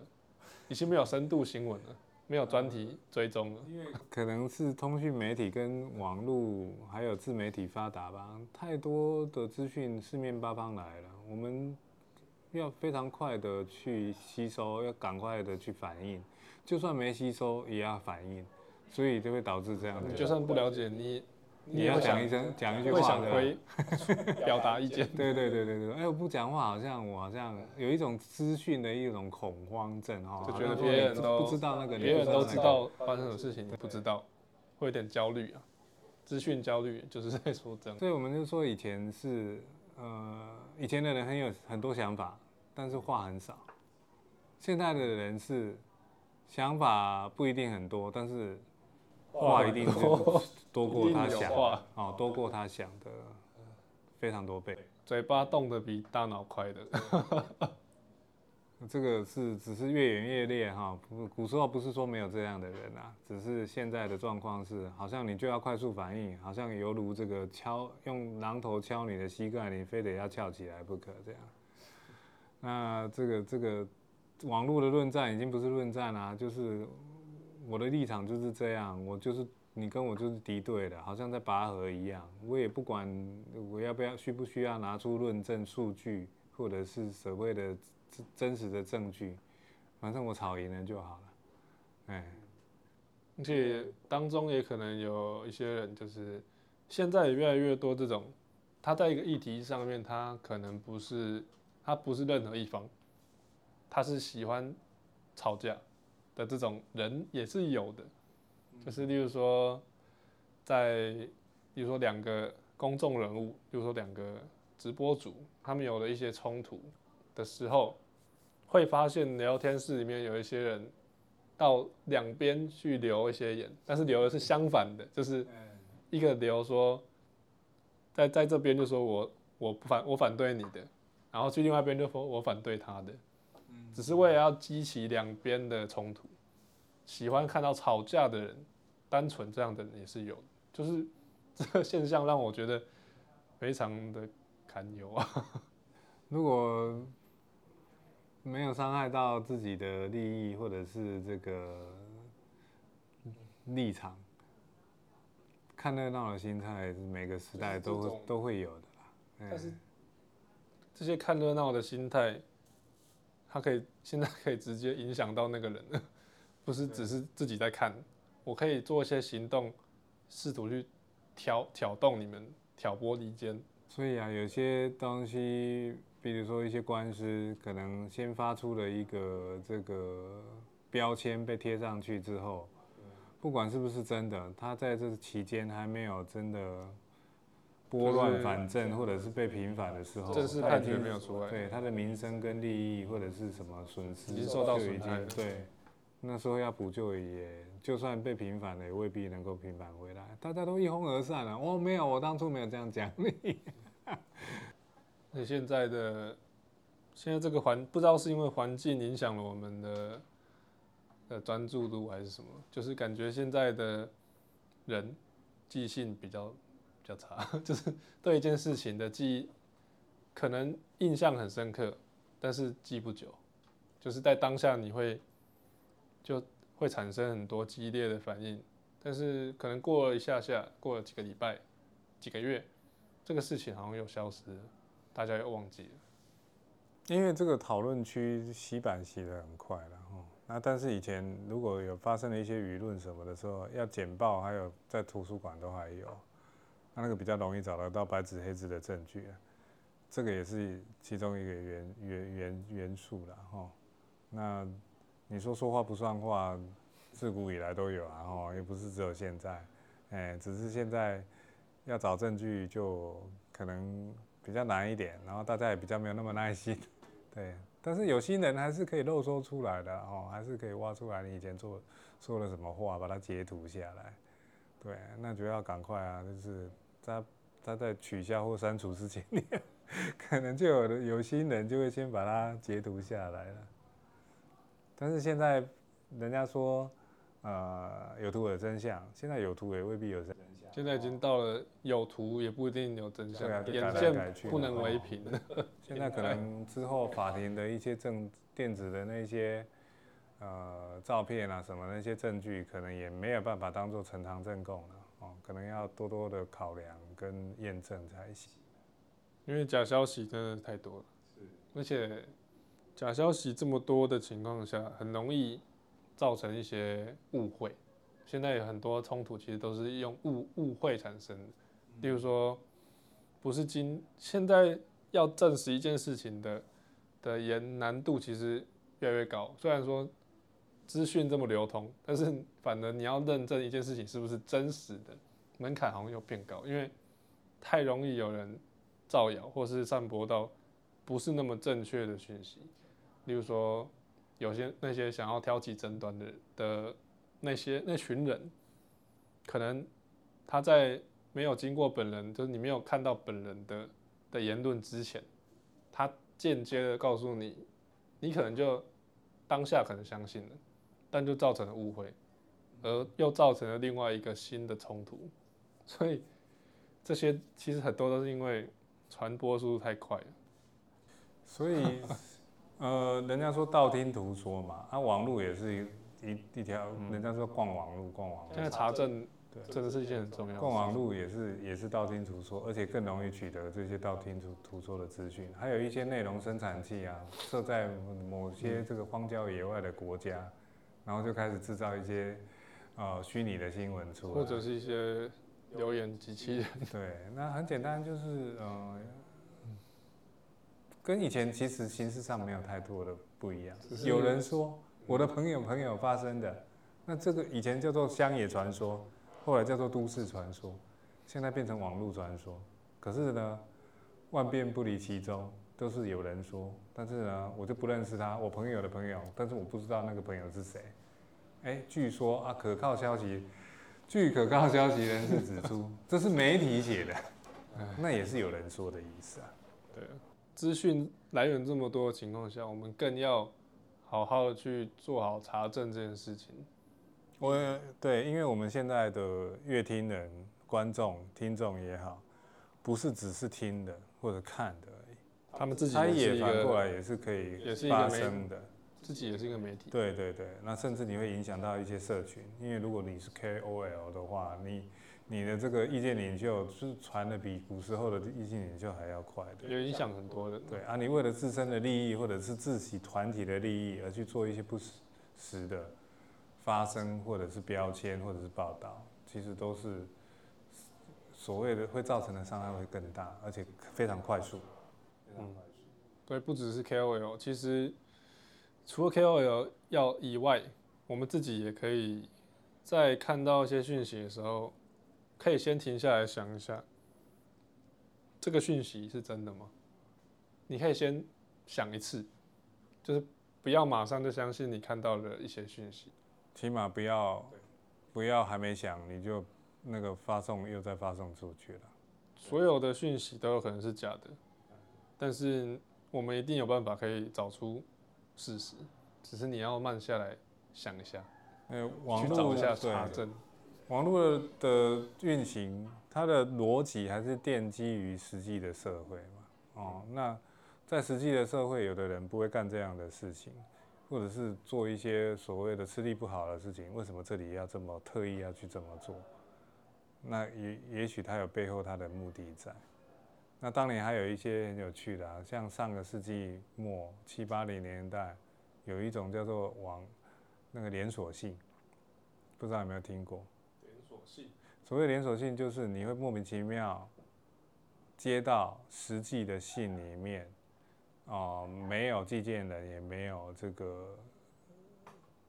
已經沒有深度新聞了，沒有專題追蹤了。嗯、因為可能是通訊媒體跟網絡還有自媒體發達吧，太多的資訊四面八方來了，我們要非常快的去吸收，要趕快的去反應，就算沒吸收也要反應。所以就會導致這樣的。你就算不了解你，你，也你要講一聲，講一句話，想表達意見。 對對對對哎，欸、我不講話，好像我好像有一種資訊的一種恐慌症哦，那個、就覺得別人都不知道那個，別人都知道發生什麼事情，不知道，對會有點焦慮啊，資訊焦慮，就是在說這樣。所以我們就說，以前是呃，以前的人很有很多想法，但是話很少；現在的人是想法不一定很多，但是，話一定，話一定多過他想、哦、多過他想的非常多倍，嘴巴動得比大腦快的。 這個是只是越演越烈哈，哦，古時候不是說沒有這樣的人啊，只是現在的狀況是，好像你就要快速反應，好像猶如這個敲用榔頭敲你的膝蓋，你非得要翹起來不可這樣。那這個這個網絡的論戰已經不是論戰啊，就是。我的立場就是這樣，我就是你跟我就是敵對的，好像在拔河一樣。我也不管我要不要需不需要拿出論證數據或者是所謂的真實的證據，反正我吵贏了就好了。嗯、哎，而且當中也可能有一些人，就是現在也越來越多這種，他在一個議題上面，他可能不是他不是任何一方，他是喜歡吵架。的這種人也是有的，就是例如說在、在比如說兩個公眾人物，比如說兩個直播主，他們有了一些衝突的時候，會發現聊天室裡面有一些人到兩邊去留一些言，但是留的是相反的，就是一個留說在，在這邊就說我，我不反，我反對你的，然後去另外一邊就說我反對他的，只是為了要激起兩邊的衝突，喜歡看到吵架的人，單純這樣的人也是有的，就是這個現象讓我覺得非常的堪憂啊！如果沒有傷害到自己的利益或者是這個立場，看熱鬧的心態，是每個時代都都會有的啦。但是這些看熱鬧的心態。他可以現在可以直接影響到那個人，不是只是自己在看，對我可以做一些行動，試圖去挑挑動你們，挑撥離間。所以啊，有些東西，比如說一些官司，可能先發出了一個這個標籤被貼上去之後，不管是不是真的，他在這期間還沒有真的。撥亂反正，或者是被平反的時候，判決沒有出來，對他的名聲跟利益或者是什麼損失，已經受到損害。對，那時候要補救，也就算被平反了，也未必能夠平反回來。大家都一哄而散了。我沒有，我當初沒有這樣講你。那現在的，現在這個環不知道是因為環境影響了我們的的專注度還是什麼，就是感覺現在的人記性比較。調查，就是對一件事情的記憶可能印象很深刻，但是記不久，就是在當下你會就會產生很多激烈的反應，但是可能過了一下下，過了幾個禮拜、幾個月，這個事情好像又消失了，大家又忘記了。因為這個討論區洗版洗得很快了哈，嗯，那但是以前如果有發生了一些輿論什麼的時候，要剪報，還有在圖書館都還有。啊、那個比較容易找得到白紙黑字的證據。啊，這個也是其中一個元元元素啦，那你說說話不算話，自古以來都有啊，吼，也不是只有現在，哎、欸，只是現在要找證據就可能比較難一點，然後大家也比較沒有那麼耐心，對。但是有心人還是可以漏說出來的，哦，還是可以挖出來你以前做說了什麼話，把它截圖下來，對。那就要趕快啊，就是。他他在取消或刪除之前，可能就有的有心人就會先把它截圖下來了。但是現在人家說，呃，有圖有真相。現在有圖也未必有真相。現在已經到了有圖也不一定有真相，眼見不能為憑了。現在可能之後法庭的一些證電子的那些呃照片啊什麼那些證據，可能也沒有辦法當做呈堂證供了。哦，可能要多多的考量跟驗證才行，因為假消息真的太多了。是，而且假消息這麼多的情況下，很容易造成一些誤會。現在有很多衝突，其實都是用誤誤會產生的。例如說，不是今現在要證實一件事情的的嚴難度其實越來越高。雖然說。資訊這麼流通，但是反而你要認證一件事情是不是真實的門檻好像又變高，因為太容易有人造謠或是散播到不是那麼正確的訊息。例如說，有些那些想要挑起爭端的的那些那群人，可能他在沒有經過本人，就是你沒有看到本人的的言論之前，他間接的告訴你，你可能就當下可能相信了。但就造成了誤會，而又造成了另外一個新的衝突，所以這些其實很多都是因為傳播速度太快了。所以， 呃，人家說道聽途說嘛，啊，網絡也是一一條，嗯、人家說逛網絡，逛網絡。現在查證，真的是一件很重要。對對對對。逛網絡也是也是道聽途說，而且更容易取得這些道聽途途說的資訊。還有一些內容生產器啊，設在某些這個荒郊野外的國家。然後就開始製造一些呃虛擬的新聞出來，或者是一些留言機器人。對，那很簡單，就是呃，跟以前其實形式上沒有太多的不一樣。就是，有人說我的朋友朋友發生的，那這個以前叫做鄉野傳說，後來叫做都市傳說，現在變成網絡傳說。可是呢，萬變不離其宗。都是有人說，但是呢，我就不認識他，我朋友的朋友，但是我不知道那個朋友是誰。哎、欸，據說啊，可靠消息，據可靠消息人士指出， 這是媒體寫的，那也是有人說的意思啊。對，資訊來源這麼多的情況下，我們更要好好的去做好查證這件事情。我也對，因為我們現在的閱聽人、觀眾、聽眾也好，不是只是聽的或者看的。他們自己也，也反過來也是可以發聲的，也是，自己也是一個媒體。對對對，那甚至你會影響到一些社群，因為如果你是 K O L 的話，你你的這個意見領袖是傳得比古時候的意見領袖還要快的，有影響很多的。嗯、對啊，你為了自身的利益或者是自己團體的利益而去做一些不實的發聲，或者是標籤，或者是報道其實都是所謂的會造成的傷害會更大，而且非常快速。嗯，對，不只是 KOL，其實除了 KOL 要以外，我們自己也可以在看到一些訊息的時候，可以先停下來想一下，這個訊息是真的嗎？你可以先想一次，就是不要馬上就相信你看到了一些訊息，起碼不要，不要還沒想你就那個發送又再發送出去了。對所有的訊息都有可能是假的。但是我們一定有辦法可以找出事實，只是你要慢下來想一下，欸、網路，去找一下查證。網絡的運行，它的邏輯還是奠基於實際的社會嘛？哦，那在實際的社會，有的人不會幹這樣的事情，或者是做一些所謂的吃力不好的事情，為什麼這裡要這麼特意要去這麼做？那也也許他有背後他的目的在。那當年還有一些很有趣的啊，像上個世紀末七八零年代，有一種叫做網那個連鎖信，不知道有沒有聽過？連鎖信，所謂連鎖信就是你會莫名其妙接到實際的信裡面，啊，沒有寄件人，也沒有這個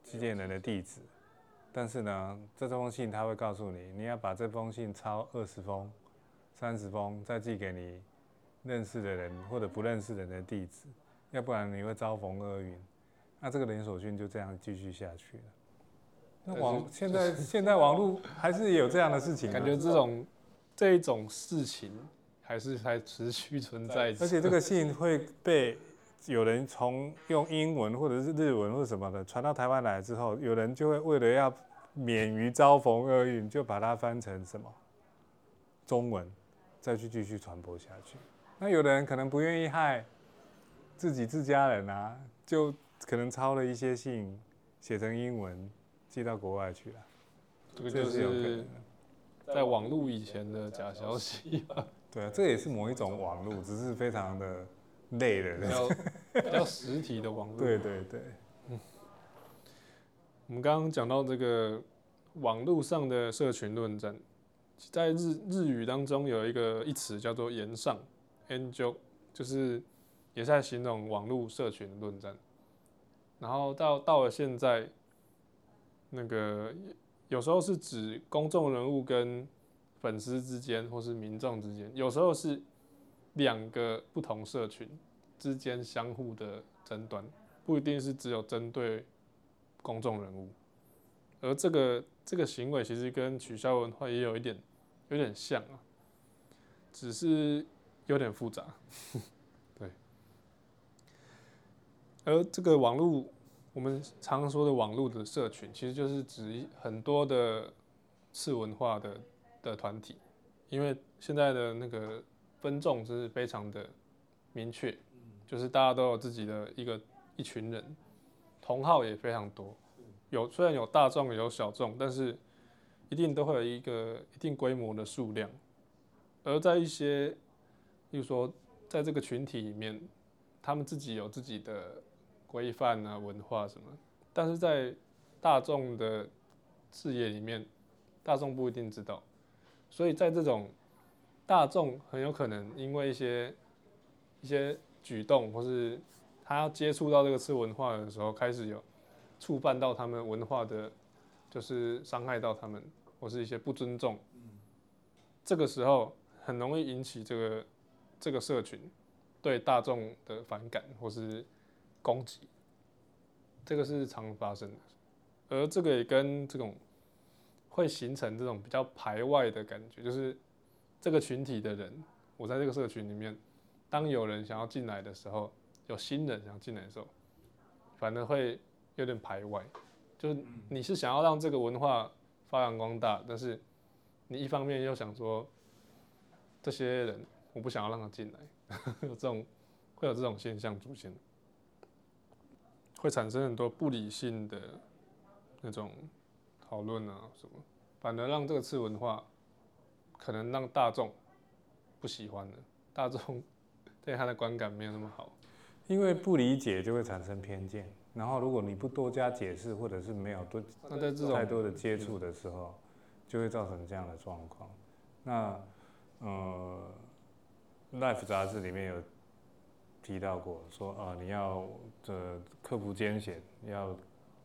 寄件人的地址，但是呢，這封信他會告訴你，你要把這封信抄二十封。三十封，再寄給你認識的人或者不認識的人的地址，要不然你會遭逢厄運。那、啊、這個連鎖信就這樣繼續下去了。那網是現在、就是、現在網路還是有這樣的事情。感覺這種、啊、這一種事情還是還持續存在。而且這個信會被有人從用英文或者是日文或者什麼的傳到台灣來之後，有人就會為了要免於遭逢厄運，就把它翻成什麼中文。再去繼續傳播下去，那有的人可能不願意害自己自家人啊，就可能抄了一些信，寫成英文寄到國外去了。這個就是在網絡以前的假消息吧？對啊，這也是某一種網絡，只是非常的累的，比較 比較實體的網絡。對對對，我們剛剛講到這個網絡上的社群論戰。在日日語當中有一個一詞叫做「炎上」，Angel，就是也是在形容網絡社群論戰。然後到到了現在，那個有時候是指公眾人物跟粉絲之間，或是民眾之間，有時候是兩個不同社群之間相互的爭端，不一定是只有針對公眾人物。而這個這個行為其實跟取消文化也有一點。有點像啊，只是有點複雜，呵呵。對。而這個網絡，我們常說的網絡的社群，其實就是指很多的次文化的的團體，因為現在的那個分眾是非常的明確，就是大家都有自己的一個一群人，同好也非常多，有雖然有大眾有小眾，但是。一定都會有一個一定規模的數量，而在一些，比如說在這個群體裡面，他們自己有自己的規範啊、文化什麼，但是在大眾的視野裡面，大眾不一定知道，所以在這種大眾很有可能因為一些一些舉動，或是他要接觸到這個次文化的時候，開始有觸犯到他們文化的，就是傷害到他們。或是一些不尊重，這個時候很容易引起這個這個社群對大眾的反感或是攻擊，這個是常發生的。而這個也跟這種會形成這種比較排外的感覺，就是這個群體的人，我在這個社群裡面，當有人想要進來的時候，有新人想進來的時候，反而會有點排外，就是你是想要讓這個文化。發揚光大，但是你一方面又想說，這些人我不想要讓他進來呵呵，有這種會有這種現象出現，會產生很多不理性的那種討論啊什麼，反而讓這個次文化可能讓大眾不喜歡了。大眾對他的觀感沒有那麼好，因為不理解就會產生偏見。然後，如果你不多加解釋，或者是沒有多、啊、太多的接觸的時候，的就會造成這樣的狀況。那，呃，《Life》雜誌裡面有提到過，說啊、呃，你要這克服艱險，要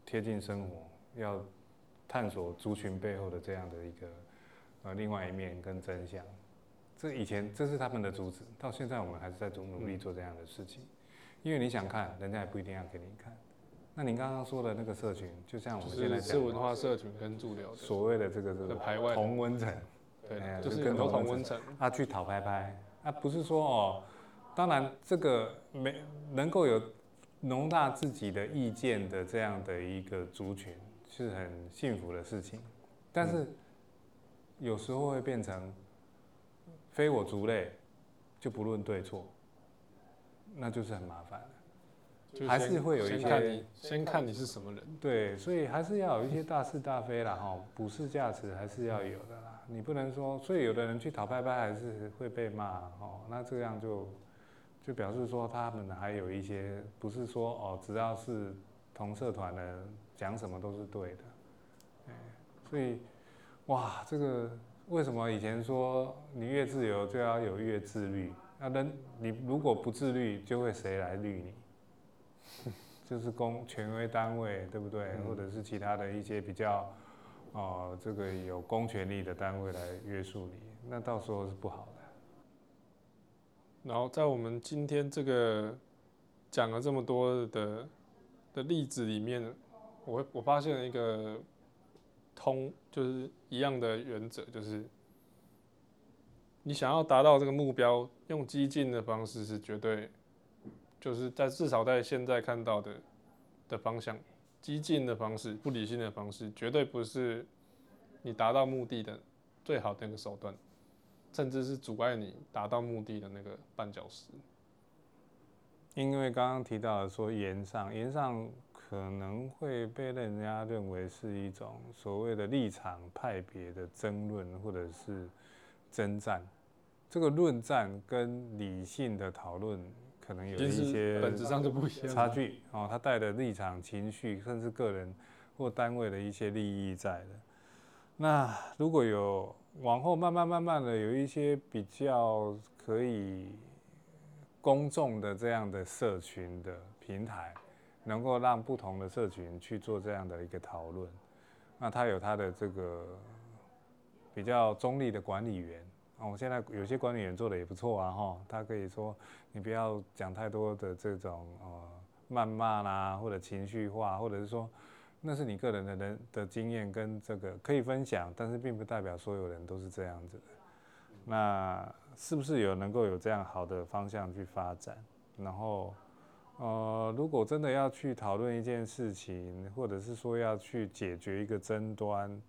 貼近生活，嗯、要探索族群背後的這樣的一個呃另外一面跟真相。這以前這是他們的主旨，到現在我們還是在努努力做這樣的事情，嗯、因為你想看，人家也不一定要給你看。那您剛剛說的那個社群，就像我們現在講的是文化社群跟主流所謂的這個這個同溫層，對的，對的就是跟同溫層，同溫層啊去討拍拍、嗯、啊，不是說哦，當然這個沒能夠有容納自己的意見的這樣的一個族群是很幸福的事情，但是、嗯、有時候會變成非我族類，就不論對錯，那就是很麻煩了，還是會有一些先，先看你是什麼人，對，所以還是要有一些大是大非啦，吼，普世價值還是要有的啦，你不能說，所以有的人去討拍拍還是會被罵，吼、喔，那這樣就就表示說他們還有一些不是說哦，只、喔、要是同社團的人講什麼都是對的，哎，所以哇，這個為什麼以前說你越自由就要有越自律，那、啊、等你如果不自律，就會誰來律你？就是公權威單位，對不對？嗯、或者是其他的一些比較，哦、呃，這個有公權力的單位來約束你，那到時候是不好的。然後在我們今天這個講了這麼多的的例子裡面，我我發現了一個通，就是一樣的原則，就是你想要達到這個目標，用激進的方式是絕對。就是在至少在現在看到的的方向，激進的方式，不理性的方式，絕對不是你達到目的的最好的那個手段，甚至是阻礙你達到目的的那個絆腳石。因為剛剛提到的說炎上，炎上可能會被人家認為是一種所謂的立場派別的爭論，或者是爭戰。這個論戰跟理性的討論。可能有一些本質上就不差距哦，他帶的立場、情緒，甚至個人或單位的一些利益在的。那如果有往後慢慢慢慢的有一些比較可以公眾的這樣的社群的平台，能夠讓不同的社群去做這樣的一個討論，那他有他的這個比較中立的管理員。哦，我現在有些管理員做的也不錯啊，哈、哦，他可以說，你不要講太多的這種呃謾罵啦，或者情緒化，或者是說那是你個人的人的經驗跟這個可以分享，但是並不代表所有人都是這樣子的。那是不是有能夠有這樣好的方向去發展？然後呃，如果真的要去討論一件事情，或者是說要去解決一個爭端，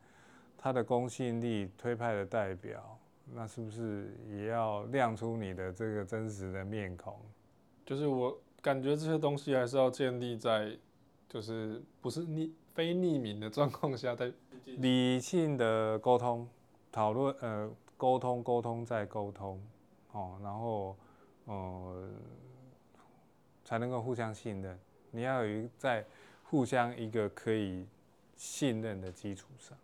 他的公信力推派的代表，那是不是也要亮出你的這個真實的面孔？就是我感覺這些東西還是要建立在，就是不是匿非匿名的狀況下，在理性的溝通、討論，呃，溝通、溝通再溝通，哦，然後呃，才能夠互相信任。你要有一在互相一個可以信任的基礎上，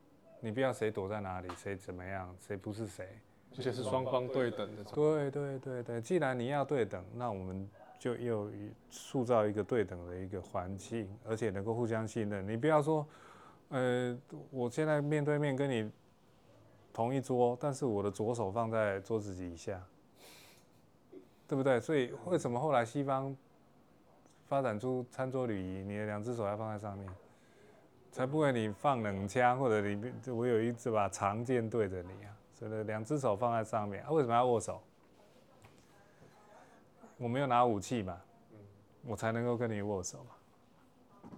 你不要誰躲在哪裡，誰怎麼樣，誰不是誰。這些是雙方對等的，對對對對。既然你要對等，那我們就又塑造一個對等的一個環境，而且能夠互相信任。你不要說，呃，我現在面對面跟你同一桌，但是我的左手放在桌子底下，對不對？所以為什麼後來西方發展出餐桌禮儀？你的兩隻手要放在上面，才不會你放冷槍或者裡面我有一隻把長劍對着你啊。對對，兩隻手放在上面啊！為什麼要握手？我沒有拿武器嘛，我才能夠跟你握手嘛。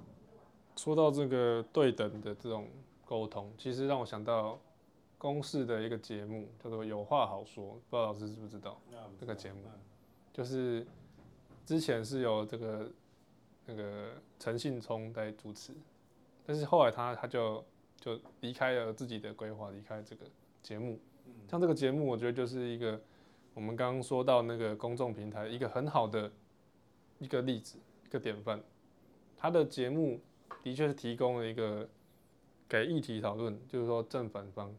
說到這個對等的這種溝通，其實讓我想到公視的一個節目，叫做《有話好說》，不知道老師知不知道、嗯、這個節目？就是之前是由這個那個陳信聰在主持，但是後來他他就就離開了自己的規劃，離開這個節目。像這個節目，我覺得就是一個我們剛剛說到那個公眾平台一個很好的一個例子，一個典範。它的節目的確是提供了一個給議題討論，就是說正反方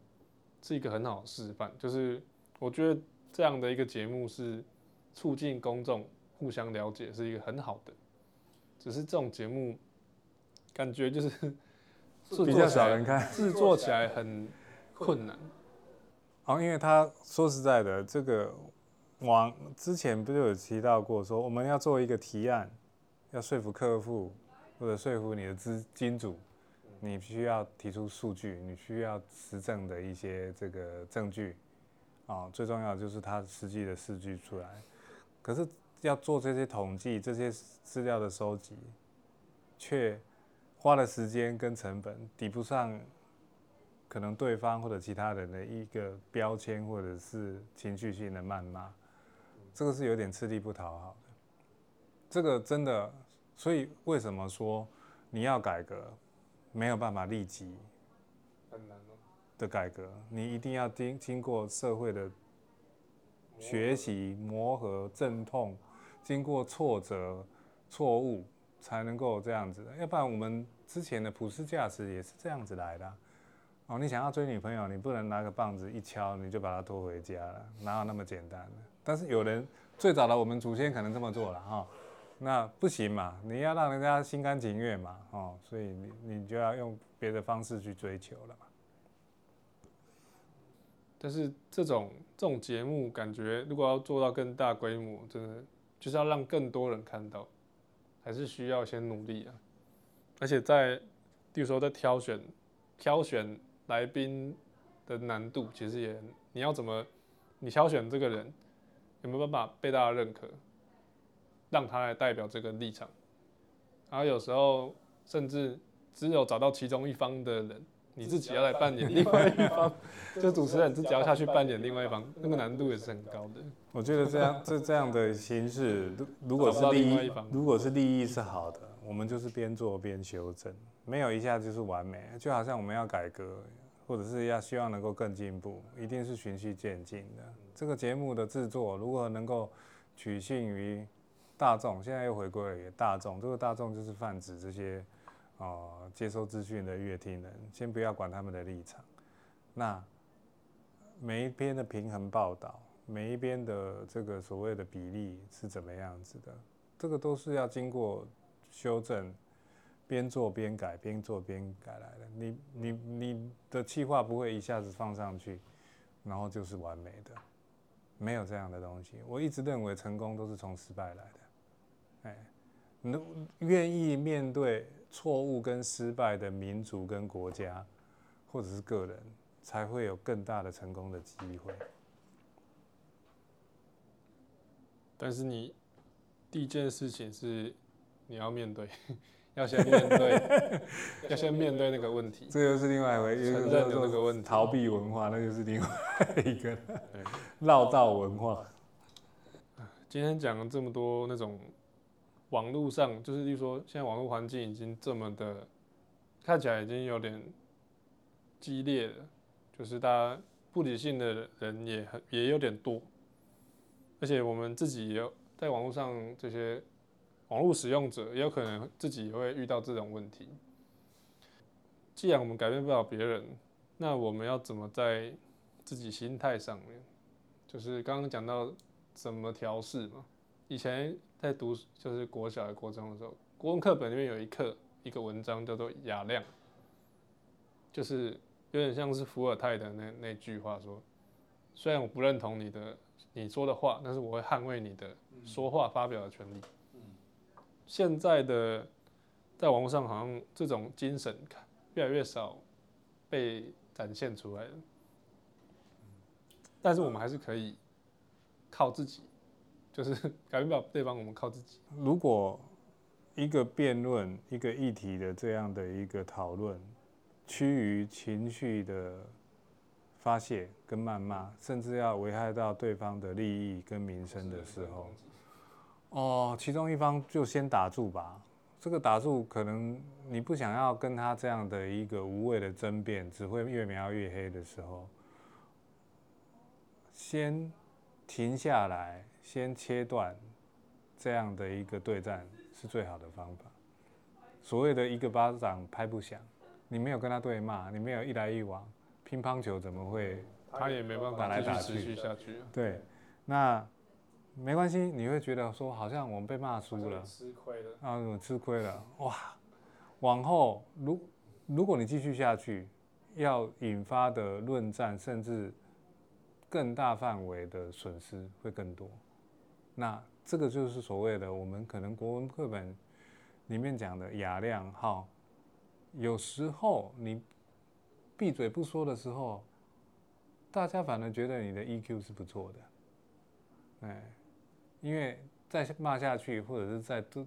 是一個很好的示範。就是我覺得這樣的一個節目是促進公眾互相了解，是一個很好的。只是這種節目感覺就是比較少人看，製作起來很困難。然後、哦，因為他說實在的，這個往之前不就有提到過說，說我們要做一個提案，要說服客戶或者說服你的資金主，你需要提出數據，你需要實證的一些這個證據，啊、哦，最重要的就是他實際的數據出來。可是要做這些統計、這些資料的收集，卻花了時間跟成本，抵不上。可能對方或者其他人的一個標籤，或者是情緒性的謾罵，這個是有點吃力不討好的。這個真的，所以為什麼說你要改革，沒有辦法立即的改革？你一定要經經過社會的學習、磨合、陣痛，經過挫折、錯誤，才能夠這樣子。要不然，我們之前的普世價值也是這樣子來的啊。哦，你想要追女朋友，你不能拿個棒子一敲你就把她拖回家了，哪有那麼簡單？但是有人最早的我們祖先可能這麼做了哈，哦，那不行嘛，你要讓人家心甘情願嘛，哦，所以你你就要用別的方式去追求了嘛。但是這種這種節目，感覺如果要做到更大規模，真的就是要讓更多人看到，還是需要先努力啊。而且在，比如說在挑選，挑選。來賓的難度其實也，你要怎麼，你挑選這個人有沒有辦法被大家認可，讓他來代表這個立場？然後有時候甚至只有找到其中一方的人，你自己要來扮演另外一方，一方 就主持人自己要下去扮演另外一方， 那個難度也是很高的。我覺得這樣這這樣的形式，如果是利益，如果是利益是好的，嗯、我們就是邊做邊修正。沒有一下就是完美，就好像我們要改革，或者是要希望能夠更進步，一定是循序漸進的。這個節目的制作如果能夠取信於大眾，現在又回歸了給大眾，這個大眾就是泛指這些、呃、接收資訊的閱聽人，先不要管他們的立場。那每一篇的平衡報道，每一篇的這個所謂的比例是怎麼樣子的，這個都是要經過修正。邊做邊改，邊做邊改來的。你你你的企劃不會一下子放上去，然後就是完美的，沒有這樣的東西。我一直認為成功都是從失敗來的。哎，你願意面對錯誤跟失敗的民族跟國家，或者是個人，才會有更大的成功的機會。但是你第一件事情是你要面對。 要先面對， 要先面對那個問題。這又是另外一回事，承認這個問題，逃避文化，那就是另外一個繞道對 文化。今天講了這麼多，那種網絡上就是例如說，現在網絡環境已經這麼的，看起來已經有點激烈了，就是大家不理性的人也很也有點多，而且我們自己也有在網絡上這些。網絡使用者也有可能自己也會遇到這種問題。既然我們改變不了別人，那我們要怎麼在自己心態上面？就是剛剛講到怎麼調適嘛，以前在讀就是國小的國中的時候，國文課本裡面有一課一個文章叫做《雅量》，就是有點像是伏爾泰的那那句話說：“雖然我不認同你的你說的話，但是我會捍衛你的說話發表的權利。”現在的在網絡上，好像這種精神越來越少被展現出來。但是我們還是可以靠自己，就是改變不了對方，我們靠自己。嗯、如果一個辯論、一個議題的這樣的一個討論，趨於情緒的發洩跟謾罵，甚至要危害到對方的利益跟名聲的時候，哦，其中一方就先打住吧。這個打住，可能你不想要跟他這樣的一個無謂的爭辯，只會越描越黑的時候，先停下來，先切斷這樣的一個對戰，是最好的方法。所謂的一個巴掌拍不響，你沒有跟他對罵，你沒有一來一往，乒乓球怎麼會？他也沒辦法打來打去。對，那。沒關係，你會覺得說好像我們被罵輸了，吃虧了，啊，我吃虧了，哇！往後如如果你繼續下去，要引發的論戰，甚至更大範圍的損失會更多。那這個就是所謂的我們可能國文課本裡面講的雅量。好，有時候你閉嘴不說的時候，大家反而覺得你的 EQ 是不錯的，哎。因為再罵下去，或者是再都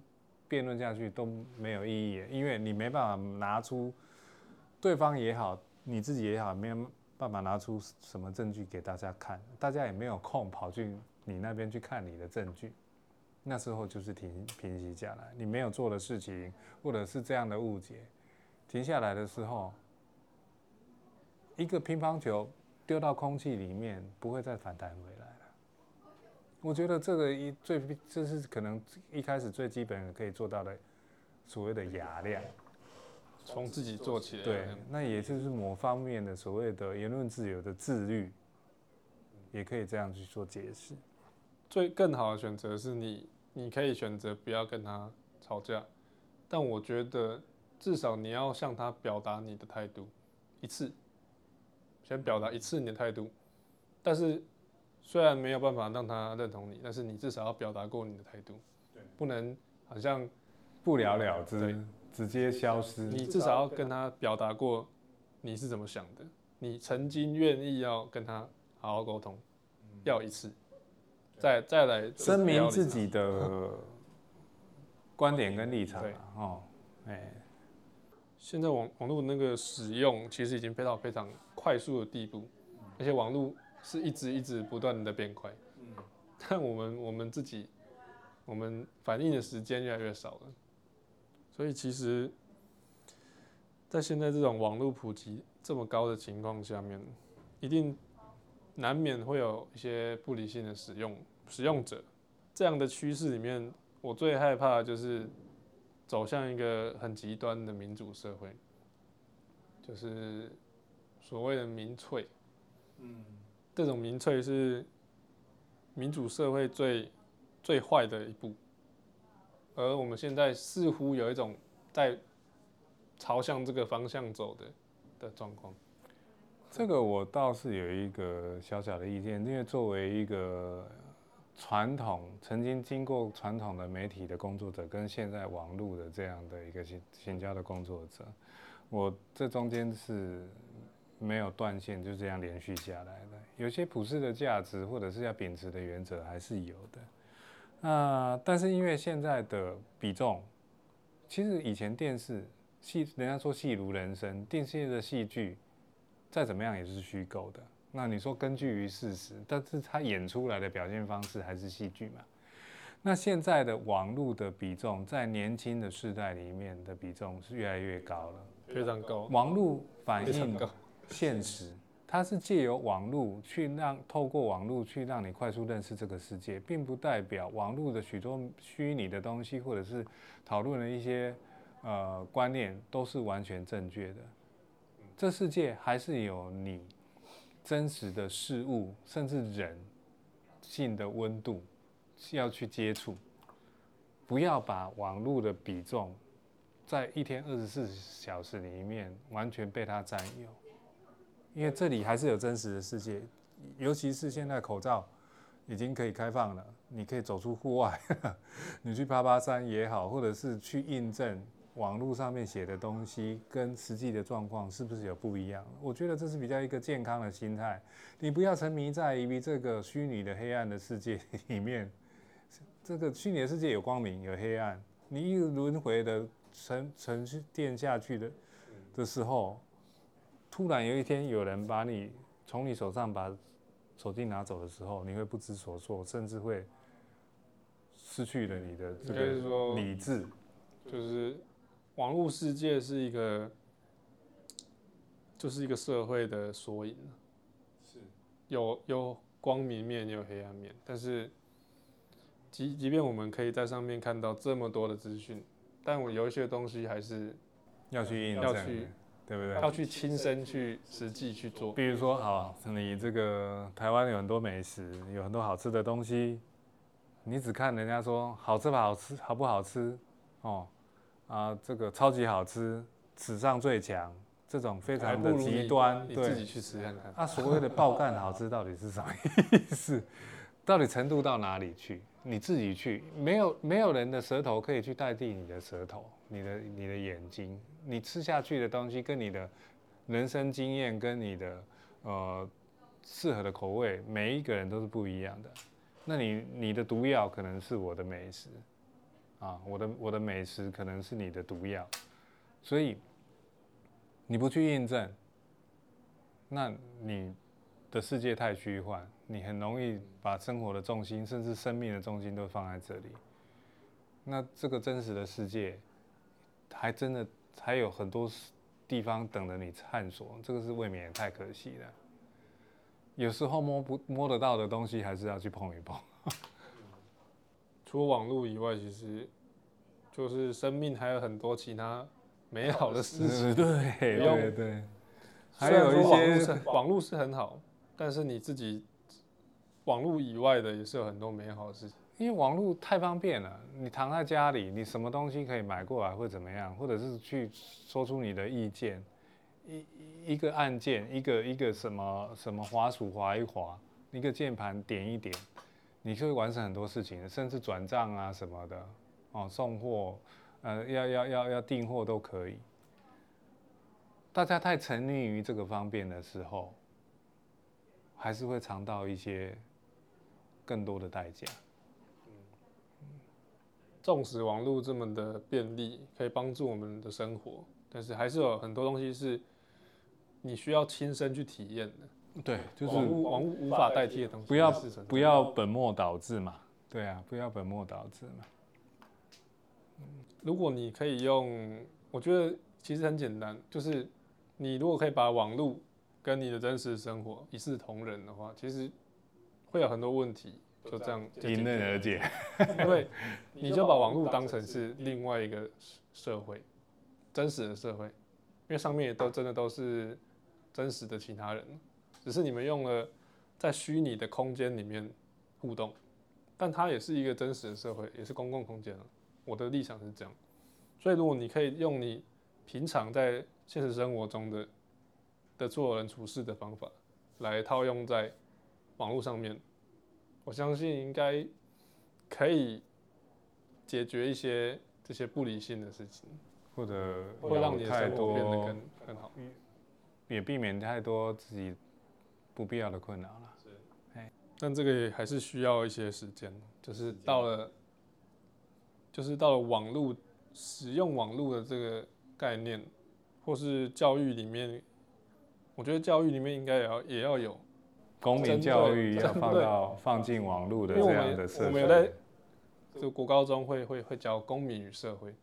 辯論下去都沒有意義，因為你沒辦法拿出對方也好，你自己也好，沒有辦法拿出什麼證據給大家看，大家也沒有空跑去你那邊去看你的證據。那時候就是停平息下來，你沒有做的事情，或者是這樣的誤解，停下來的時候，一個乒乓球丟到空氣裡面，不會再反彈回來。我覺得這個一最這是可能一開始最基本可以做到的所謂的雅量，從自己做起。對，那也就是某方面的所謂的言論自由的自律，也可以這樣去做解釋。最更好的選擇是你，你可以選擇不要跟他吵架，但我覺得至少你要向他表達你的態度一次，先表達一次你的態度，但是。雖然沒有辦法讓他認同你，但是你至少要表達過你的態度，不能好像不了了之，對直接消失。你至少要跟他表達過你是怎麼想的，嗯、你曾經願意要跟他好好溝通，嗯、要一次，對再再來證就明自己的觀點跟立場。 對哦，對對現在網網絡那個使用其實已經飛到非常快速的地步，嗯、而且網絡。是一直一直不斷的變快，但我們我們自己，我們反應的時間越來越少了，所以其實，在現在這種網絡普及這麼高的情況下面，一定難免會有一些不理性的使用使用者。這樣的趨勢裡面，我最害怕的就是走向一個很極端的民主社會，就是所謂的民粹，嗯。這種民粹是民主社會最最壞的一步，而我們現在似乎有一種在朝向這個方向走的的狀況。這個我倒是有一個小小的意見，因為作為一個傳統曾經經過傳統的媒體的工作者，跟現在網絡的這樣的一個新新交的工作者，我這中間是。沒有斷線，就這樣連續下來了。有些普世的價值，或者是要秉持的原則，還是有的。啊、呃，但是因為現在的比重，其實以前電視戲，人家說戲如人生，電視業的戲劇再怎麼樣也是虛構的。那你說根據於事實，但是他演出來的表現方式還是戲劇嘛？那現在的網絡的比重，在年輕的世代裡面的比重是越來越高了，非常高、啊。網絡反應非常高。現實，它是借由網絡去讓透過網絡去讓你快速認識這個世界，並不代表網絡的許多虛擬的東西或者是討論的一些呃觀念都是完全正確的。這世界還是有你真實的事物，甚至人性的溫度要去接觸，不要把網絡的比重在一天二十四小時裡面完全被它佔有。因為這裡還是有真實的世界，尤其是現在口罩已經可以開放了，你可以走出戶外，呵呵你去爬爬山也好，或者是去印證網絡上面寫的東西跟實際的狀況是不是有不一樣。我覺得這是比較一個健康的心態，你不要沉迷在於這個虛擬的黑暗的世界裡面。這個虛擬的世界有光明有黑暗，你一直輪回的沉沉澱下去的的時候。突然有一天，有人把你從你手上把手機拿走的時候，你會不知所措，甚至會失去了你的這個理智。就是，網絡世界是一個，就是一個社會的縮影。是，有有光明面，也有黑暗面。但是，即即便我們可以在上面看到這麼多的資訊，但我有一些東西還是要，要去應用。去。對不對？要去親身去實際去做。比如說，好，你這個台灣有很多美食，有很多好吃的東西，你只看人家說好吃不好吃，好不好吃？哦，啊，這個超級好吃，史上最強，這種非常的極端，對你自己去實驗看看。他、啊、所謂的爆幹好吃到底是啥意思？ 到底程度到哪裡去？你自己去，沒有沒有人的舌頭可以去代替你的舌頭，你的你的眼睛，你吃下去的東西，跟你的人生經驗，跟你的呃適合的口味，每一個人都是不一樣的。那你你的毒藥可能是我的美食，啊，我的我的美食可能是你的毒藥，所以你不去驗證，那你。的世界太虛幻，你很容易把生活的重心，甚至生命的重心都放在這裡。那這個真實的世界，還真的還有很多地方等着你探索，這個是未免也太可惜了。有時候摸不摸得到的東西，還是要去碰一碰。除了網絡以外，其實就是生命還有很多其他美好,好的事。對對對，不用。對對還有一些網絡是,是很好。但是你自己網絡以外的也是有很多美好的事情，因為網絡太方便了。你躺在家裡，你什麼東西可以買過來，或怎麼樣？或者是去說出你的意見，一一個按鍵，一個一個什麼什麼滑鼠滑一滑，一個鍵盤點一點，你就會完成很多事情，甚至轉賬啊什麼的哦，送貨呃要要要要訂貨都可以。大家太沉溺於這個方便的時候。還是會嚐到一些更多的代價。嗯，縱使網絡這麼的便利，可以幫助我們的生活，但是還是有很多東西是你需要親身去體驗的。對，就是網路網絡無法代替的東西。不要不要本末倒置嘛，對啊，不要本末倒置嘛。如果你可以用，我覺得其實很簡單，就是你如果可以把網絡。跟你的真實生活一視同仁的話，其實會有很多問題就這樣迎刃而解，因為 你就把網絡當成是另外一個社會，真實的社會，因為上面也都真的都是真實的其他人，只是你們用了在虛擬的空間裡面互動，但它也是一個真實的社會，也是公共空間了。我的立場是這樣，所以如果你可以用你平常在現實生活中的、嗯。的做人處事的方法來套用在網絡上面，我相信應該可以解決一些這些不理性的事情，或者會讓你的生活變得更更好，也避免太多自己不必要的困難了。是，哎，但這個也還是需要一些時間，就是到了，就是到了網絡使用網絡的這個概念，或是教育裡面。我覺得教育裡面應該也要也要有公民教育，要放到放進網絡的這樣的社會。我們，我們在就國高中會會會教公民與社會，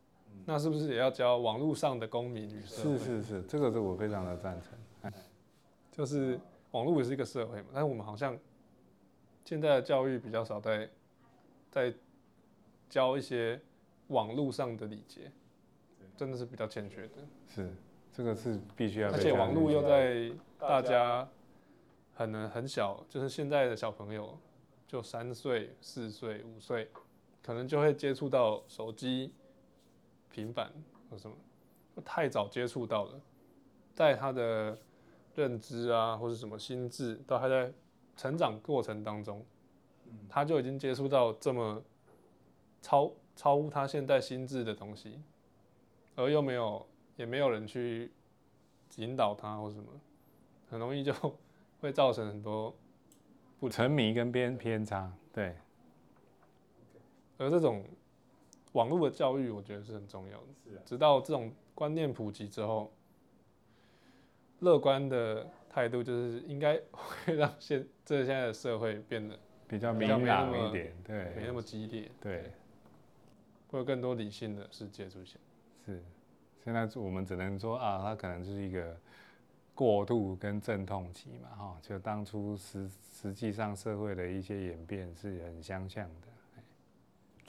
那是不是也要教網絡上的公民與社會？是是是，這個是我非常的贊成。哎、就是網絡也是一個社會嘛，但是我們好像現在的教育比較少在在教一些網絡上的禮節，真的是比較欠缺的。是。這個是必須要，而且網絡又在大家可能很小，就是現在的小朋友，就三歲、四歲、五歲，可能就會接觸到手機、平板或什麼，太早接觸到了，在他的認知啊，或是什麼心智都還在成長過程當中，他就已經接觸到這麼超超乎他現在心智的東西，而又沒有。也沒有人去引導他或什麼，很容易就會造成很多不沉迷跟偏偏差。對。而這種網絡的教育，我覺得是很重要的。直到這種觀念普及之後，樂觀的態度就是應該會讓現這現在的社會變得比較，比較明朗一點，對，沒那麼激烈，對，對是，會有更多理性的世界出現。是。現在我們只能說啊，它可能就是一個過渡跟陣痛期嘛，哈，就當初實實際上社會的一些演變是很相像的，欸、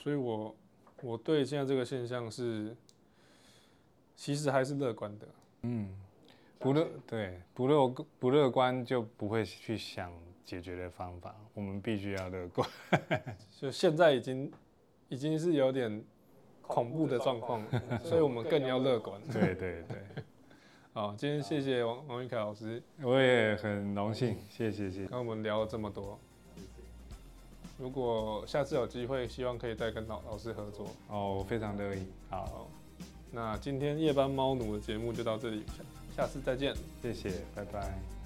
所以我我對現在這個現象是其實還是樂觀的，嗯，不樂是對不樂不樂觀就不會去想解決的方法，我們必須要樂觀， 就現在已經已經是有點。恐怖的狀況， 所以我們更要樂觀。對對對，對， 好，今天謝謝王王昱凱老師，我也很榮幸，謝謝謝，謝跟我們聊了這麼多，謝謝，如果下次有機會，希望可以再跟老老師合作。哦，我非常樂意。好，那今天夜班貓奴的節目就到這裡，下次再見，謝謝，拜拜。